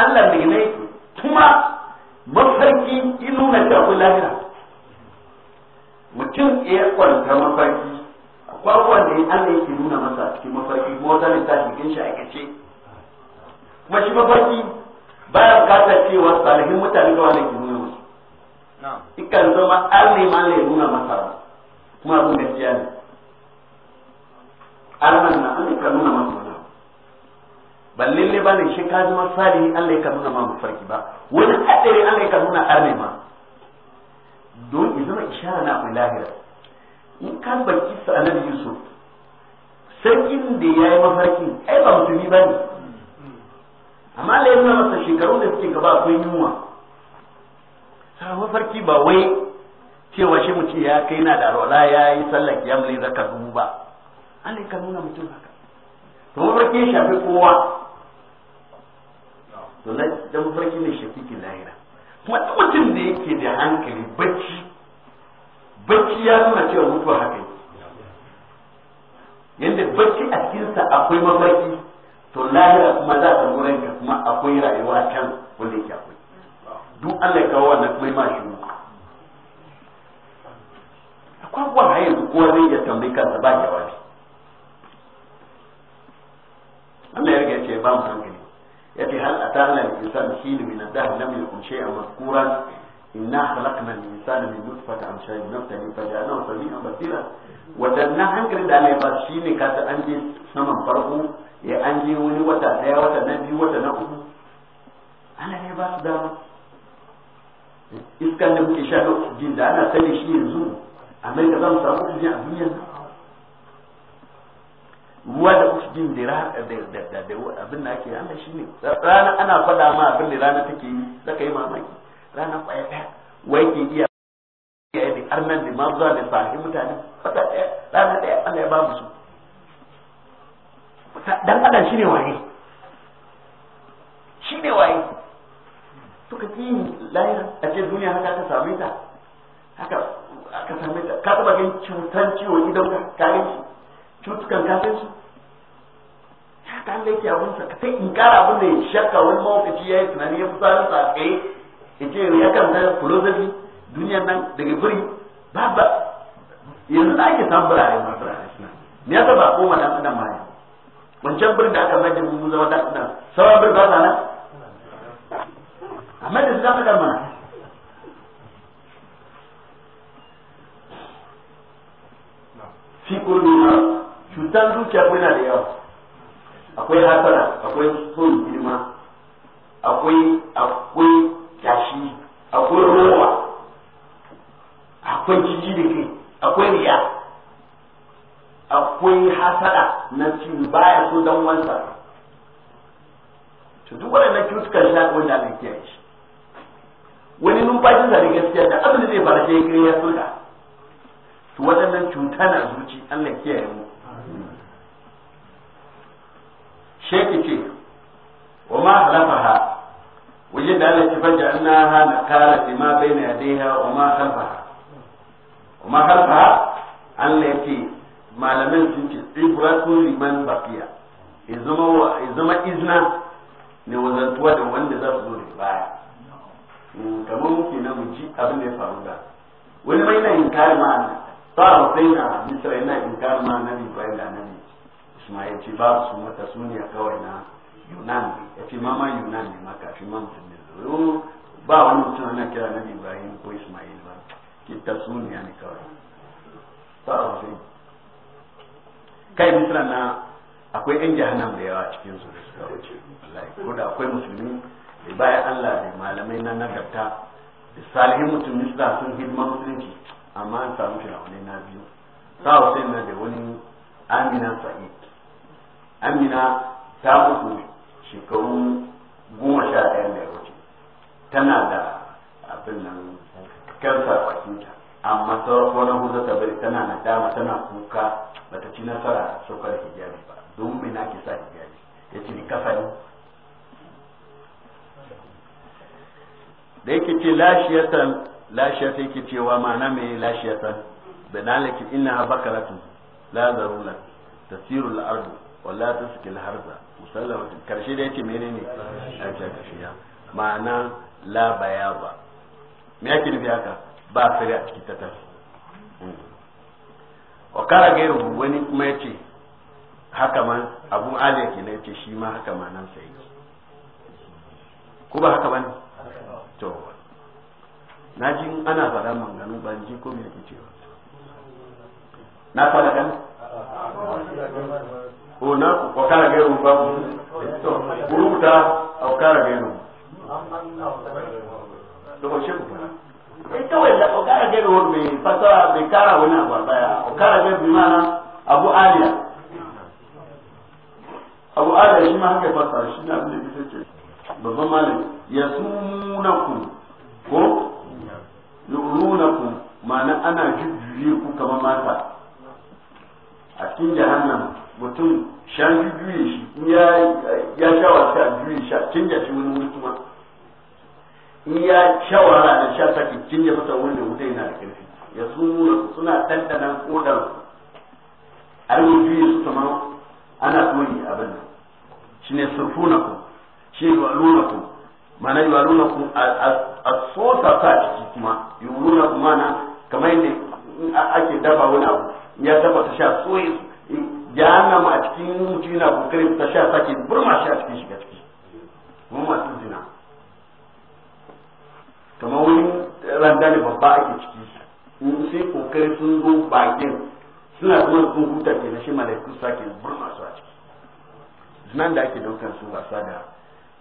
Allah ne ne kuma mafarki ilu na shafi lahira mutum ya kwanta mafarki akwai wanda Allah yake nuna masa cikin mafarki ko wata littafi kin shi aikace kuma shi mafarki bayan bukatar cewa salihin mutane da wannan gini wasu ikan zama an nema ne nuna masa kuma abin gaskiya ne Allah na an ka nuna masa wani ba lalle ba ne shi ka zama salihi Allah ya nuna ma mafarki ba wani hadari Allah ya nuna an ma don ya zama ishara na akwai lahira in ka baki sa'anar Yusuf sarkin da ya yi mafarki ai ba mutumi ba ne amma da yana masa shekaru da suke gaba akwai yunwa sa mafarki ba wai cewa shi mutum ya kai na da rola ya yi sallar ya lai zaka dubu ba Allah ka nuna mutum haka to mafarki ya shafi kowa to na da mafarki ne shafi ke lahira kuma duk mutum da yake da hankali bacci bacci ya nuna cewa mutuwa haka yi. yanda bacci a cikinsa akwai mafarki to lahira kuma za ka wurin ka kuma akwai rayuwa can wanda yake akwai duk Allah ya kawo wannan kuma ma shi akwai kuwa haye yanzu kowa zai iya tambayi kansa ba jawabi Allah ya riga ce ba mu hankali ya ce hal atana al-insan hin min ad-dahr lam yakun shay'an mazkura inna khalaqna al-insana min nutfatin amshajin nabtali faja'alnahu samian basira wadannan hankalin da Allah ya ba shine ka ta an je saman farko ya an je wani wata daya wata na biyu wata na uku ana ne ba su dama iskan da muke sha da jin da ana sani shi yanzu amma da zamu samu oxygen a duniya ruwa da oxygen da da da da da abin da ake Allah shi ne rana ana fada ma abin da rana take yi zaka yi mamaki rana kwaya ɗaya wai ke iya iya da arnan da mazza da sahi mutane faɗa ɗaya rana ɗaya Allah ya ba mu su dan adam shine waye shine waye to ka ji lai a ce duniya haka ka same ta haka aka same ta ka taba ganin cutan ciwo idan ka kare shi cutukan ka san shi haka Allah yake abun sa kai in kara abun da ya shakka wani mawukaci yayi tunani ya fusara sa kai yace ya kan da philosophy duniyan nan daga buri ba ba yanzu da ake samun birane ma birane ne yasa ba koma dan adam ma wancan birnin da aka mai da mu zama da sauran birnin ba nan amma da su zama da mana fi kurmi cutar zuciya kuma yana da yawa akwai hasara akwai son girma akwai akwai tashi akwai ruwa, akwai jijji da kai akwai riya akwai hasada na cin baya so dan wansa to duk waɗannan suka sha wanda da kiyaye shi wani numfashin da gaskiya da abin da zai fara sai kai ya soka to wadannan cuta na zuci Allah ke yi sheki ce wa ma halafaha wajen da Allah ya fajja annaha nakara bima baina yadayha wa ma halafaha wa ma halafaha Allah ya ce malaman sun ce tsibura ko liman bafiya ya zama izina ne wazantuwa da wanda za su zo da baya mm, kamar muke na mu ji abin da ya faru da wani mai na inkari ma ba a matsayi na misra yana inkari ma nabi bayan da nabi ismail ce ba su mata suniya kawai na yunan ya ce mama yunan ne ma kafin ma mutum ne zo ba wani mutum ana kira nabi ibrahim ko ismail ba ki ta suniya ne kawai ba a matsayi kai mutuna na akwai yan jahannam da yawa cikin su suka wuce wallahi ko da akwai musulmi da bayan Allah da malamai na nagarta da salihin mutum da sun hidima musulunci amma an samu firawunai na biyu sa wasu na da wani Amina Sa'id Amina ta mutu shekaru goma sha ɗaya da ya wuce tana da abin nan kansa bakinta amma sauran wani hudu ta bari tana dama tana kuka bata ci nasara saukar hijabi ba don mai na ke sa hijabi ya ce ni kafa ne da yake ce lashiyatan lashiyatan yake cewa ma'ana mai lashiyatan da ina inna bakaratu la zaruna tasiru al wala ta suke harza musallama karshe da yake ne. a ce kashiya ma'ana la bayaba me yake nufi haka ba sari a cikin tattafi mm. wakara gairu wani kuma ya ce haka ma abun aliya ke na ce shi ma haka ma nan sai ko ba haka ba ne to na ji ana faɗa manganu ban ji ko me yake cewa na faɗa kan o na wakara gairu ba to rubuta wakara gairu to ba shi ku faɗa kawai da okara gebe wani mai fata bai kara wani abu a tsaya okara gebe mana abu aliya abu aliya shi ma haka fasa shi na abin da bisa ce babban malam ya suna ku ko nuna ku ma'ana ana jujjuye ku kamar mata a cikin jahannan mutum shan jujjuye shi ya sha wasa juye shi a canja shi wani mutum in ya shawara da sha sake ya masa wanda wuta yana da karfi ya suna suna dandana kodar a rubutu su kamar ana koyi abin nan shi ne surfuna ku shi ne waluna ku mana yaluna ku a sosa sa ciki kuma yaluna ku mana kamar yadda ake dafa wani abu ya dafa ta sha su? soye ma a cikin mutu yana kokarin ta sha sake burma shi a cikin shiga ciki kuma masu zina kamar wani randa ne babba ake ciki in sai kokari sun zo bakin suna zuwa sun huta ke na shi malaiku sake burma su a ciki zinan da ake daukar su wasa da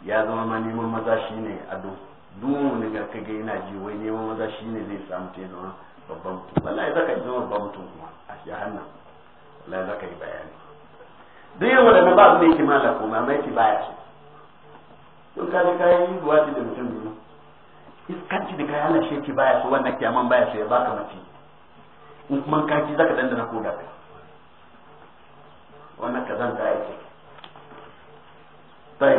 ya zama ma neman maza shine ado duk ne ga kage yana ji wai neman maza shine zai samu ta zama babban mutum wallahi zaka yi zama babban mutum kuma a jahannan wallahi zaka yi bayani duk yin waɗannan ba su ne kimala kuma mai ke baya su don ka ji kayan yi da mutum biyu iskanci da kayan Allah shi baya so wannan kiyaman baya so ya baka mace in kuma ka ki zaka dandana ko da wannan kazanta yake sai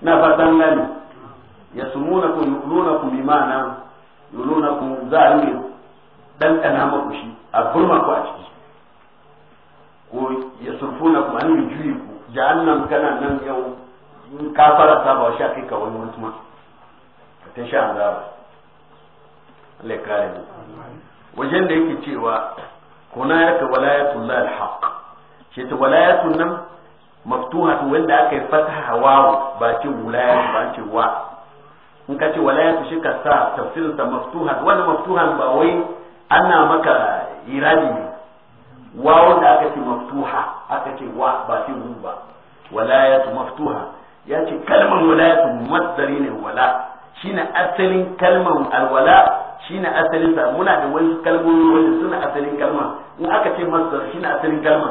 na fatan gani ya sumuna ku yuluna ku mimana yuluna ku za a yi dan kana maku shi a burma ku a ciki ko ya surfuna ku an yi juyi ku ja'annan kana nan yau kafara fara ta ba shi kai ka wani wani ta sha azaba Allah ya kare mu wajen da yake cewa kuna ya ta walayatul lal haq shi ta walayatun nan to wanda aka yi fataha wawo ba ce wulaya ba ce wa in ka ce walayatu shi ka sa tafsirin sa maftuha wannan maftuha ba wai ana maka iradi ne wawon da aka ce maftuha aka ce wa ba ce wu ba walayatu maftuha ya ce kalmar walayatu masdari ne wala shine asalin kalmar alwala shine asalin sa muna da wani kalmomi wanda suna asalin kalma in aka ce masdar shine asalin kalma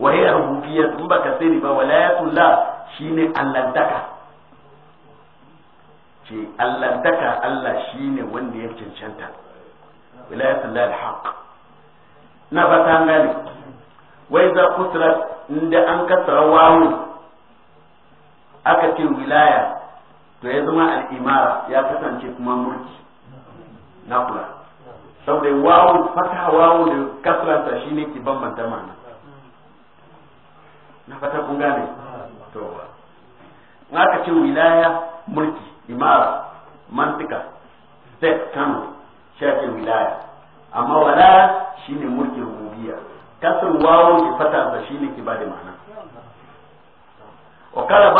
wa hiya rububiyyah in baka sani ba walayatullah shine allantaka ce allantaka Allah shine wanda ya cancanta wilayatullah alhaq na fata an gane wai za kusura inda an kasara wawu aka ce wilaya to ya zama al'imara ya kasance kuma mulki na kula saboda wawo fata wawo da kasranta shi ne ki bambanta mana na fata kun gane to in ka ce wilaya mulki imara mantika state kano shafin wilaya amma wala shine mulki rububiya kasar wawo da fata shi ne ki ba da mana wa kala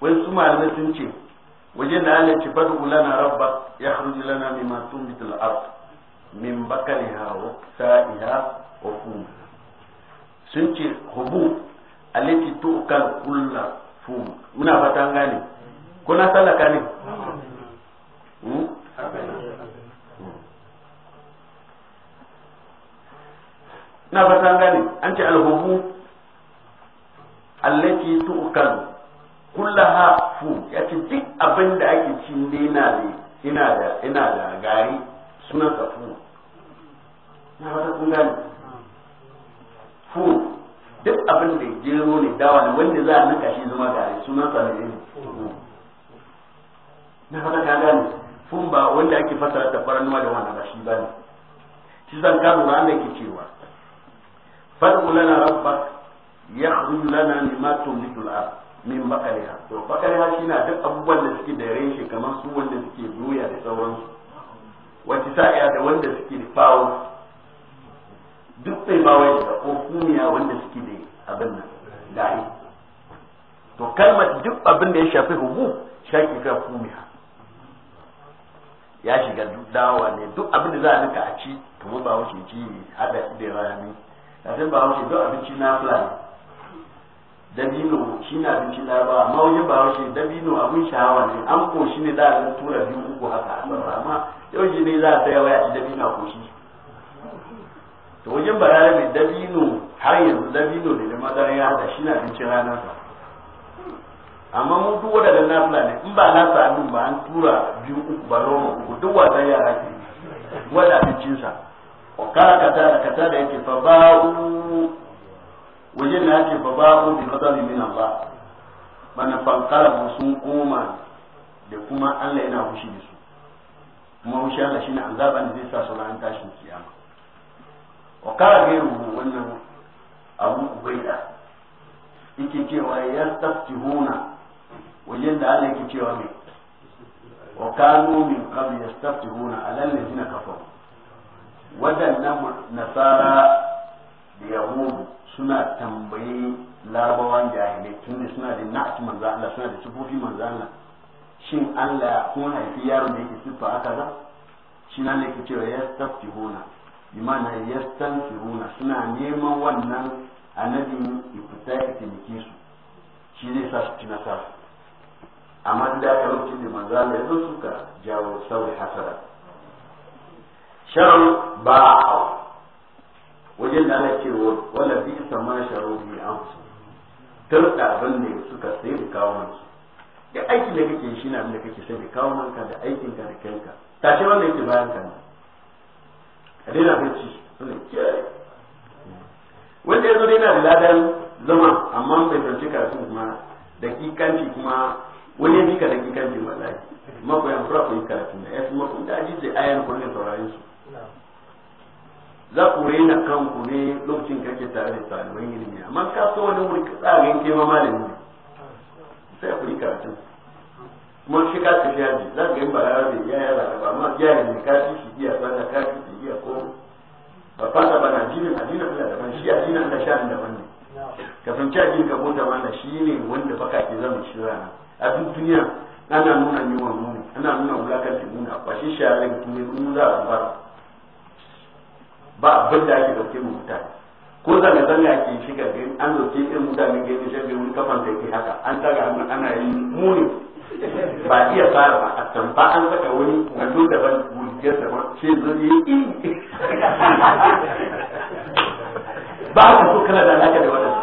wai su malamai sun ce waje da Allah ce fadu lana rabba ya kharuji lana mimma tunbitu al-ard min bakaliha wa sa'iha wa fum sun ce hubu alati tu'kal kullu fum muna fata gane ko na sallaka ne hmm? na fata gane an ce alhubu allati tu'kal kullaha fu ya ce duk abin da ake ci ne ina da ina da ina da gari sunan sa fu na wata kun gani fu duk abin da gero ne dawa ne wanda za a nika shi zama gari sunan sa ne na wata ka gani fu ba wanda ake fasara ta faranuwa da wani ba shi ba ne shi zan karo ba Allah ke cewa fadu lana rabbak yakhruj lana mimma tumlitu al-ard min bakaliha to bakaliha shi na duk abubuwan da suke da reshe kamar su wanda suke doya da sauransu wacce iya da wanda suke da fawo duk sai ba wai da ko kuniya wanda suke da abin nan da'i to kalmar duk abin da ya shafi hubu shaki ka kuniya ya shiga duk dawa ne duk abin da za a nika a ci kamar ba wuce ci hada da rami kasan ba wuce duk abinci na fulani dabino shi na abincin laraba amma wajen ba wace dabino abin sha'awa ne an koshi ne za a ga tura biyu uku haka a amma yau shi ne za a tsaya waya ci dabino a koshi to wajen barara mai dabino har yanzu dabino ne da madara ya da shi na abincin ranar sa amma mun duk wadannan nafila ne in ba na abin ba an tura biyu uku ba roma uku duk wasan yara ke wadda abincinsa wa kara kata da kata da yake fa ba'u wajen da yake ba babu bi ghadabi min Allah bana fankara sun koma da kuma Allah yana hushi da su kuma hushi Allah shine azaban da zai sa su ran tashi kiyama wa kara gairu wannan abu ubaida yake cewa ya yastaftihuna wajen da Allah yake cewa mai wa kanu min qabl yastaftihuna ala alladhina kafaru wadannan nasara da yahudu suna tambayi larabawan jahilai tun da suna da na'at manzo Allah suna da sufofi manzo Allah shin Allah ya kuma haifi yaron da yake siffa haka za shi nan yake cewa ya tafi yastanfiruna suna neman wannan annabin ifta ya taimake su shi zai sa su ci nasara amma da aka lokacin da manzo Allah ya zo suka jawo sauri hasara sharar ba'a wajen da ana ce wala bi sama sharo bi an su tarda abin da suka sai da kawo musu da aikin da kake shi na da kake sai da kawo manka da aikin ka da kanka tashi wanda yake bayan ka ne a daina bacci suna kiyaye wanda ya zo daina da ladan zama amma bai zance karatun kuma dakikanci kuma wani ya fi ka dakikanci wallahi makoyan fura Kuma yi karatun da ya fi makon da ajiye da ayan kullum saurayin su za ku raina kanku ne lokacin kake tare da ɗaliban ilimi amma ka so wani wuri ka tsarin ke ma malami ne sai ku yi karatun kuma shi ka tafi yaji za ka yi barara da ya yara ka ba amma jari ne ka ci shi iya fata ka ci shi iya ko ba fata ba na jinin addinin Allah daban shi addinin Allah sha'an daban ne ka fahimci addinin ka bota mana shi ne wanda baka ke zama shi rana a duk duniya ana nuna yiwa nuni ana nuna wulakanci nuna kwashe shahararren kuma za a fara ba abin da ake dauke mu mutane ko zanga zanga ake shiga gari an dauke irin mutane gari shi bai wani kafan da yake haka an daga hannun ana yin muni ba iya fara ba a ba an saka wani wando daban bulikiyar daban ce zai yi ba a so kana da alaka da wannan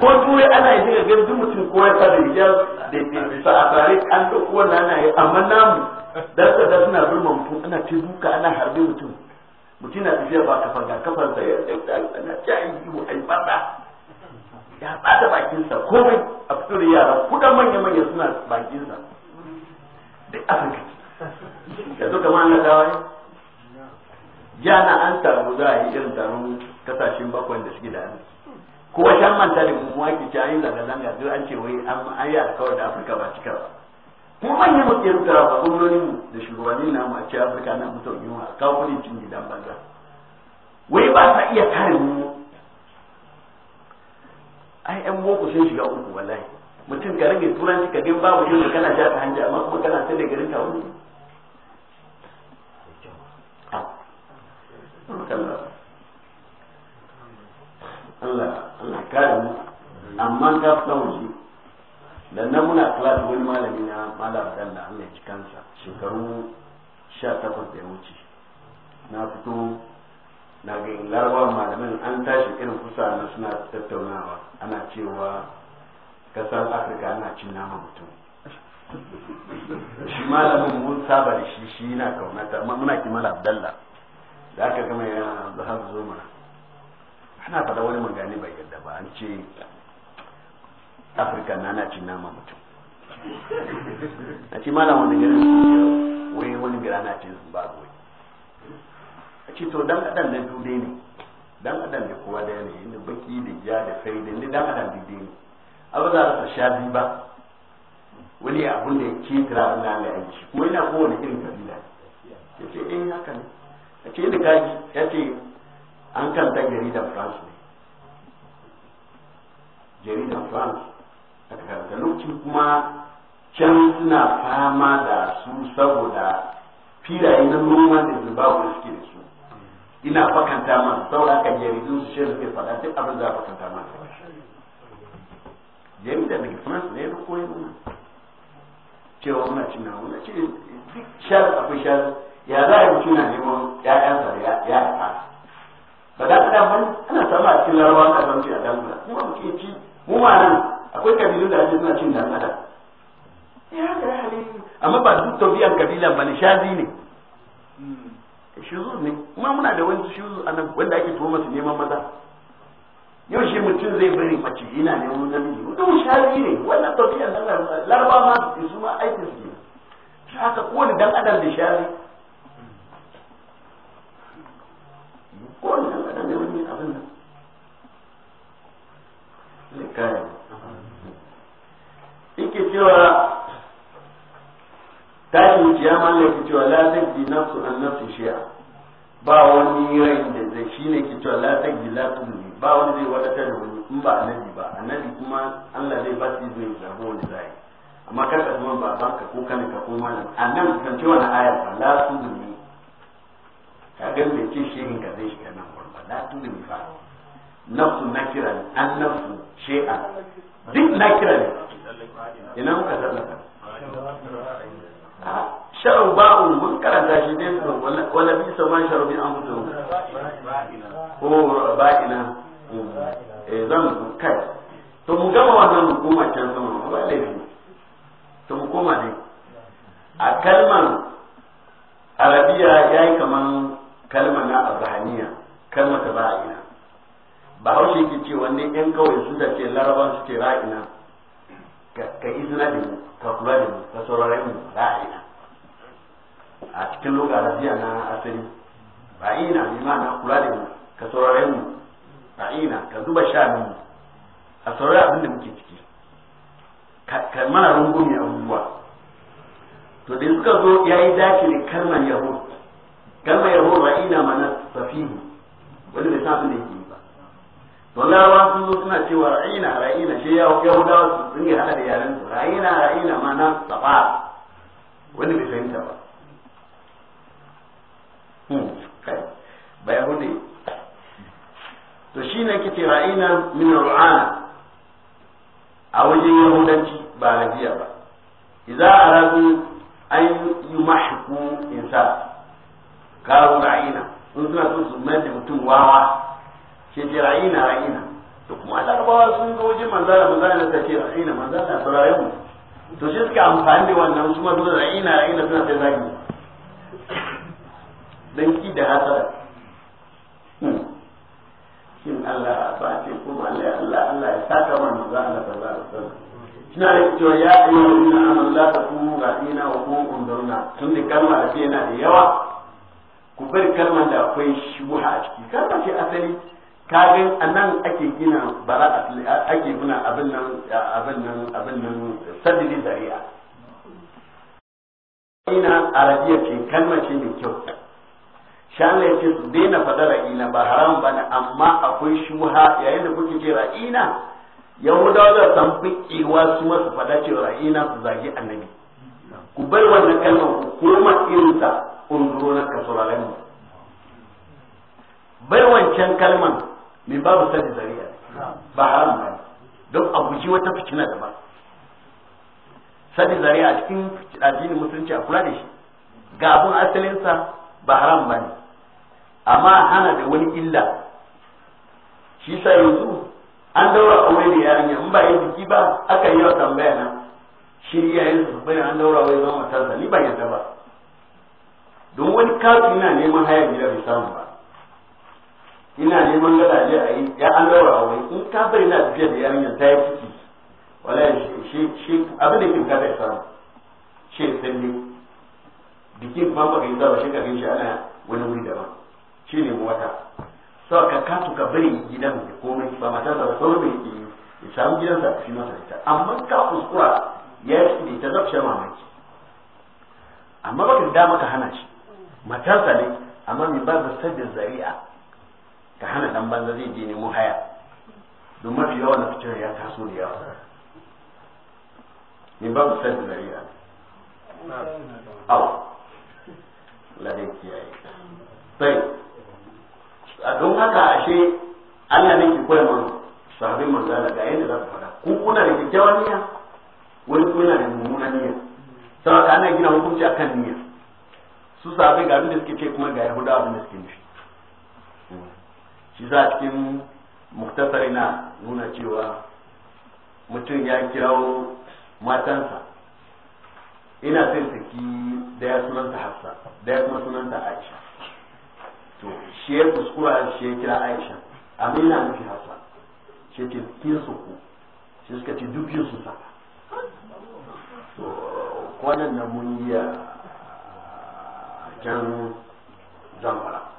ko turai ana yi daga gari duk mutum ko ya da hijab da bisa a tare an dauko wannan ana yi amma namu dasa da suna burma mutum ana ce duka ana harbe mutum mutum na tafiya ba kafar ga kafar sa ya na yi ihu ai baba ya bada bakinsa komai a fito yara kudan manya-manya suna bakinsa da afirka Ya zo ma na dawa ne ya na an taru za a yi irin taron kasashen bakwai da suke da hannu kowa shan manta da mu ake ci a yi zanga-zanga duk an ce wai an yi alkawar da afirka ba cika ba ko manyan mu tsere tara ba gwamnonin da shugabannin na mu a cikin afirka na mutum yunwa a kawo cin gidan banza wai ba sa iya kare mu ai yan boko sun shiga uku wallahi mutum garin mai turanci ka gan babu yau da kana ja ta hanja amma kuma kana sai da garin ka wani Allah Allah kare mu amma ka fita shi dan nan muna da wani malami na malam dan da Allah ya ci kansa shekaru 18 da ya wuce na fito na ga larabawa malamin an tashi irin kusa na suna tattaunawa ana cewa kasar afirka ana cin nama mutum shi malamin mun saba da shi shi yana kaunata amma muna kimar Dalla. da aka gama ya zahar zo mana ana faɗa wani magani bai yadda ba an ce afirka na na cin nama mutum a ce malam wani garin su wai wani gara na cin su ba wai a ci to dan adam da dole ne dan adam da kowa da yanayi da baki da ja da sai da ni dan adam dole ne ba za a sha biyu ba wani abun da ya ke tira abin da Allah kuma yana kowane irin kabila ya ce eh haka ne a ce da kaji ya ce an kan ta jaridar France ne jaridar France daga lokacin kuma can suna fama da su saboda filaye na noma da zimbabwe suke da su ina fakanta man saura kan jaridun su shi suke fada duk abin za a fakanta man jami da daga france ne na koyi nuna cewa muna cin na wuna ce duk shar akwai shar ya za a yi mutum na neman ya'yansa da ya haifa ba za ta dama ana samu a cikin larabawa kasance a dangula kuma muke ci mu ma nan akwai kabilun da ake suna cin dan adam ya eh, haka ya amma ba duk tabi'an kabila ba ne shazi ne hmm. shuzu ne kuma muna da wani shuzu anan wanda ake tuwo masu neman maza yau shi mutum zai bari mace yana wani namiji mutum shazi ne wannan tabi'an nan larba ma su ma aikin su ne haka kowane dan adam da shazi kowane dan adam da wani abin nan kare yake cewa tashi kiyama ne yake cewa la tajdi nafsu an nafsu shi'a ba wani rai da zai shi ne ke cewa la tajdi la tumli ba wani zai wadatar da wani in ba annabi ba annabi kuma Allah zai ba shi zai zabo wani zai amma kar ka zama ba banka ko kana ka ko nan annan kan cewa na ayar ba la tumli ka ga me ce shi ka zai shiga nan ba la tumli fa nafsu nakira an nafsu shi'a duk nakiran ina muka zama ah, sharu ba'u mun karanta shi ne su wala bi sama sharu bi an fito ko ba'ina eh zan kai to mu gama wannan mu koma can sama ba laifi to mu koma ne a kalman arabiya ya yi kaman kalma na azhaniya kalma ta ba'ina ba haushe ke ce wanne yan kawai su da ke laraban su ke ra'ina ka izina da mu ka kula da mu ka saurare mu ra'ayina a cikin lokacin lafiya na asali ra'ayina bi ma'ana kula da mu ka saurare mu ra'ayina ka zuba sha mu a saurari abin da muke ciki ka mana rungumi abubuwa to da suka zo ya yi dace ne kalmar yahoo kalmar yahud ma mana safihu wani da san abin da yake to sun zo suna cewa ra'ina ra'ina shi ya wasu sun yi hada da yaren su ra'ina ra'ina mana safa wani bai fahimta ba hmm, kai ba to shi shine kace ra'ina min ru'ana a wajen yahudanci ba rajiya ba a rabu an yi mashiku insa kawo ra'ina in suna so su mayar da mutum wawa ce ji ra'ina ra'ina to kuma larabawa sun ga wajen manzana manzana na ce ra'ina manzana saurare mu to shi suka amfani da wannan su ma ra'ina ra'ina suna ta zagi dan ki da hasara hmm. shin Allah ba ce kuma Allah ya Allah Allah ya saka wa manzo Allah ta zara kina da cewa ya ayyuhallazina amanu la takunu ra'ina wa kun undurna tun da kalma da yana da yawa ku bar kalmar da akwai wuha a ciki kalma ce asali kagan anan nan ake gina bara ake gina abin nan abin nan abin nan sadidin zari'a ina arabiya ce kalma ce mai kyau shanla ya ce su daina faɗa ra'ina ba haram ba ne amma akwai shuha yayin da kuke ce ra'ina yahudawa da san fikewa su masu faɗa ce ra'ina su zagi annabi ku bai wannan kalma ku koma irinsa unduro na mu bai wancan kalmar min babu sadi zariya ba haram ba don a guji wata fitina da ba sadi zariya a cikin addinin musulunci a kula da shi ga abun asalinsa ba haram ba ne amma hana da wani illa shi sa yanzu an daura aure da yarinya in ba yin jiki ba aka yi wa tambaya na shirya ya su bayan an daura aure zama matarsa ni ban yadda ba don wani kafin na neman hayar gida bai samu ba ina neman gadaje a yi ya an daura a wani in ka bari na tafiya da yarinya ta yi ciki wala shi abin da ke kada ya samu shi sanne bikin ba baka yi zaba shi ka gan shi ana wani wuri daban shi ne wata sau ka kasu ka bari gidan da komai ba mata da sauran da yake yi ya samu gidansa shi masa ita amma ka kuskura ya yi ta zafce mamaki amma ka da maka hana shi matarsa ne amma mai ba da sabbin zari'a ta hana dan banza zai je nemo haya don mafi yawa na fitar ya taso da yawa ni ba mu sai da riya aw ladin kiyaye sai a don haka ashe Allah ne ki koyar mu sabbin manzala ga yadda za ku faɗa ku kuna da kyakkyawan niyya wani kuma da mummunan niyya saboda ana gina hukunci akan niyya su sahabai ga abin da suke ce kuma ga yahudawa abin da suke nufi shi za cikin muktasari na nuna cewa mutum ya kirawo matansa ina sai saki daya sunanta hafsa daya kuma sunanta aisha to shi ya kuskura shi ya kira aisha amma ina nufi hafsa shi ke kin su ku shi suka ce duk yin su sa to kwanan nan mun yi a can zamfara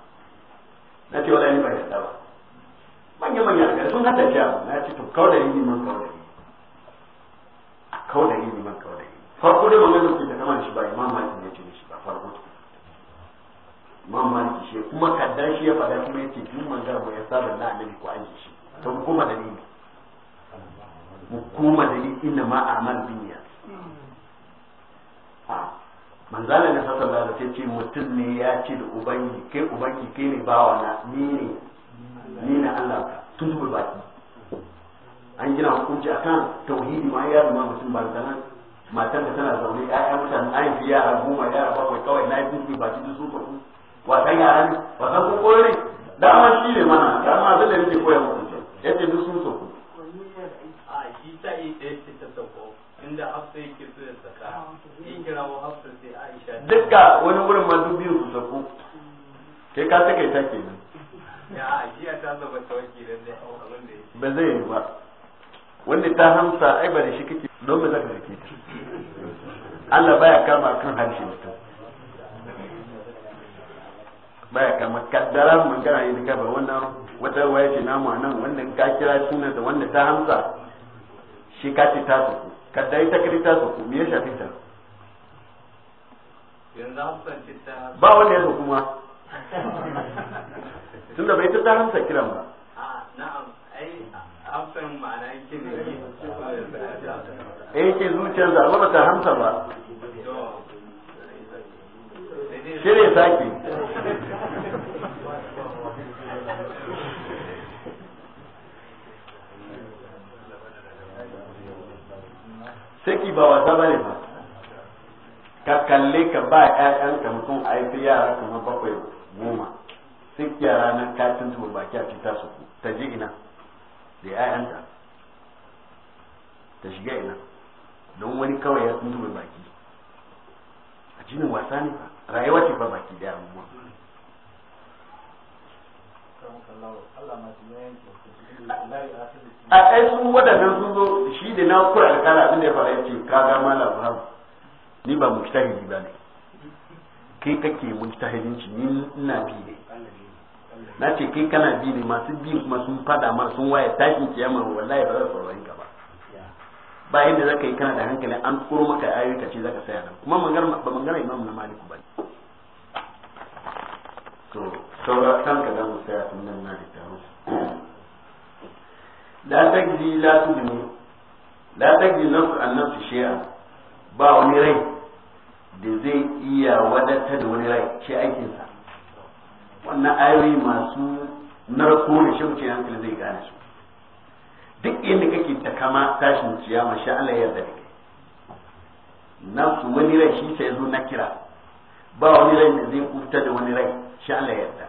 na ce wala ba ya ba manya manya da sun hada jiya na ce to kawo da yi man kawai kawo da yi man kawo da yi farko dai magana ke da kamar shi ba imam maliki ne ce shi ba farko imam maliki shi kuma kaddan shi ya fada kuma yace duk manzar mu ya saba na annabi ko an shi don kuma dalili mu kuma dalili inna ma amal biniya hmm. ah. manzala ne sasa da ta ce mutum ne ya ce da ubangi ke ubangi ke ne bawa na ni ne ni na Allah tun zubar baki an gina hukunci akan tauhidi ma ya zama mutum ba da matar da tana zaune ya mutane an fi yara goma yara bakwai kawai na yi tun baki duk sun tafi wasan yara ne wasan kokoro ne dama shi ne mana dama zai da yake koya mutum ya ce duk sun tafi. ta inda hafsa yake so ya saka yi kira wa hafsa sai duka wani wurin ma duk biyu su saku kai ka take ta ke nan ba zai yi ba wanda ta hamsa ai ba da shi kake don ba za ka sake ta Allah baya kama kan harshe ta baya kama kaddara magana ne ka ba wannan wata waya ce namu nan wannan ka kira sunan da wanda ta hamsa shi ka ce ta saku kaddari ta kiri ta saku me ya shafi ta ba wanda ya zo kuma tun da bai ta ta hamsa kiran ba yi ke eh, zuciyar da ba ta hamsa ba shirya sake saki ba wasa bane ba ka kalle ka ba ƴaƴanka mutum a yi yara kamar bakwai goma sai yara nan ka tuntuɓa baki a fita su ta je ina da ƴaƴanta ta shiga ina don wani kawai ya tuntuɓa baki a jinin wasa ne ba rayuwa ce ba baki da abubuwa a ai sun wadannan sun zo shi da na kura alkala abin da ya fara yace kaga malam babu ni ba mujtahidi ba ne kai kake mujtahidinci ni ina bi ne na ce kai kana bi ne masu bi kuma sun fada mara sun waye tashin kiyama wallahi ba za su rawayin ka ba ba yadda zaka yi kana da hankali an kuro maka ayoyi ka ce zaka saya nan kuma magana ba magana imam na malik ba to saura kan ka za mu saya tun nan na da taro la tajzi la tudmi la tajzi nafsu an nafsi shay'a ba wani rai da zai iya wadatar da wani rai shi aikinsa wannan ayoyi masu narko da shauki hankali zai gane su duk inda kake ta kama tashin ciya mashi Allah ya da Na su wani rai shi sai zo na kira ba wani rai da zai kuta da wani rai shi Allah yarda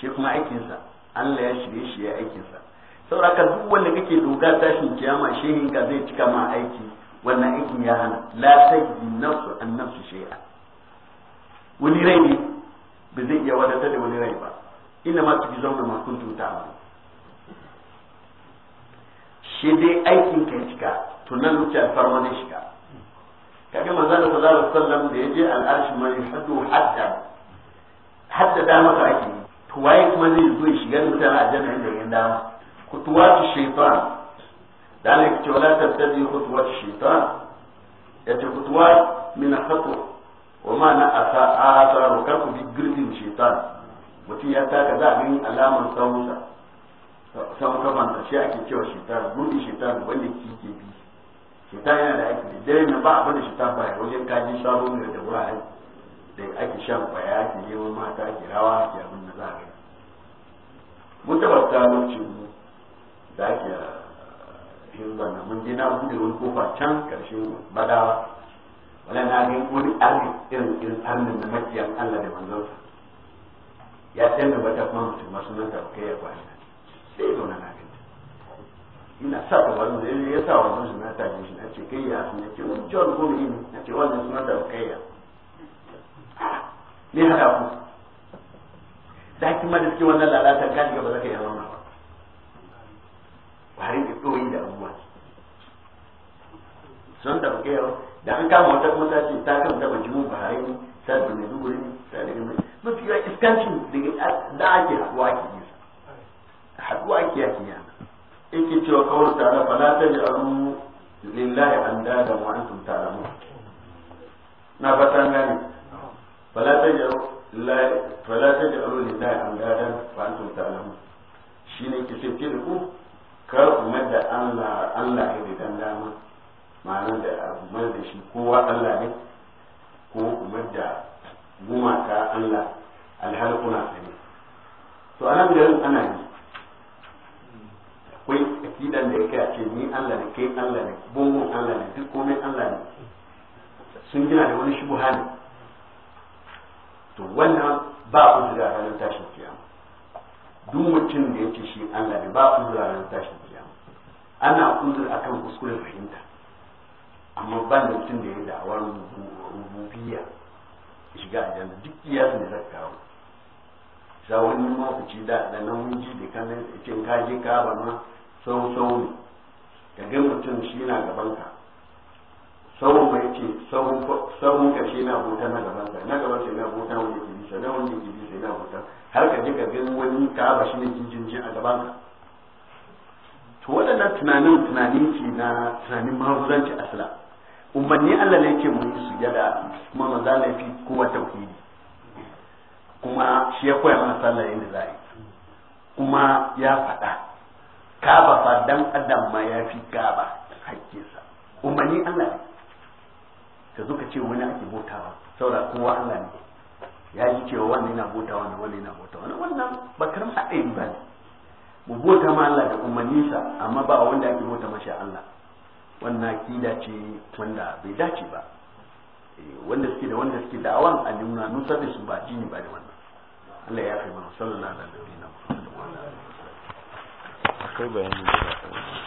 shi kuma aikinsa Allah ya shirye shi ya aikinsa sauraka duk wanda kake doga tashin kiyama shehin ka zai cika ma aiki wannan aikin ya hana la tajzi nafsu an nafsu shay'a wani rai ne ba zai iya wadatar da wani rai ba inda ma tuki zauna ma kun tuta ba shi dai aikin kai cika tunan wuce alfarma farma ne shiga kaga manzo da sallallahu alaihi wasallam da yaje al'arshi ma ya yahdu hadda hadda da maka ake to waye kuma zai zo ya shiga mutane aljanna da ya dama Ku kutuwatu shaytan da Allah yake ta tattabi khutuwat shaitan ce khutuwa min khatu wa ma na asa asaru kar ku bi girdin shaitan mutum ya taka za a gani alamar sauka sau kafanta shi ake cewa shaitan gurbi shaitan wanda kike bi shaitan yana da aiki da dare na ba abin da shaitan baya wajen kaji shawo ne da wurare da ake shan baya ake neman mata ake rawa ake abin da za a gani mun tabbata lokacin da ake cikin wannan mun je na bude wani kofa can karshen badawa wala na ga wani arni irin irin arnin da makiyan Allah da sa ya ba ta kuma mutum masu nan kai ya kwashi sai zo na ga ina sa ta wani da ya sa wannan suna ta ji shi na ce kai ya sun ce wani john ko ne na ce wannan suna ta kai ya ne hada ku da kuma da suke wannan lalata kan ga ba za ka yi amma ba ba har yi da ɗoyi da abu sun da buke yau da an kama wata kuma ce ta kama da ba hari sai da duguri sai da mai mafi ya iskancin da ake haduwa ke yi haduwa ke yake ya yake cewa kawai tare fa la taj'alu lillahi andada wa antum ta'lamun na fatan gane fa la taj'alu lillahi fa la taj'alu lillahi andada wa antum ta'lamun shine ke sai ku kar ku mada Allah Allah ya ridan dama ma'ana da abu da shi kowa Allah ne ko kuma da gumaka Allah alhal ne. to ana bidan ana yi akwai akidan da yake a ce ni Allah ne kai Allah ne bongon Allah ne duk komai Allah ne sun gina da wani shubuha ne to wannan ba ku da ranar tashin kiyama duk mutum da yake shi Allah ne ba ku da ranar tashin kiyama ana kunzur akan kuskuren fahimta amma ban da mutum da ya da'awar rububiyya shiga a janna duk su ne zaka kawo sa wani mafici da da nan ji da kan cikin kaji ka ba ma sau sau ne ka ga mutum shi na gaban ka sau mai ce sau ka shi na hota na gaban ka na gaban sai na hota wani ke bisa na wani ke bisa na hota har ka ji ka ga wani ka ba shi ne jinjin a gaban ka to waɗannan tunanin tunanin ce na tunanin mahuzanci asila umarni Allah ne yake mu yi sujada kuma manzo Allah yafi kowa tauhidi kuma shi ya koya mana sallah yin za kuma ya faɗa kaba fa dan adam ma ya fi kaba hakkinsa umarni Allah ne ka zo ka ce wani ake bautawa saboda kowa Allah ne ya yi cewa wannan yana bota ne wannan yana bota ne wannan ba karma yin ba ne mu bota ma Allah da umarninsa amma ba wanda ake bota mashi Allah wannan kila ce wanda bai dace ba eh, wanda suke da wanda suke da awan a nuna nusar da su ba jini ba da wannan Allah ya kai mana sallallahu alaihi wa sallam akwai bayani da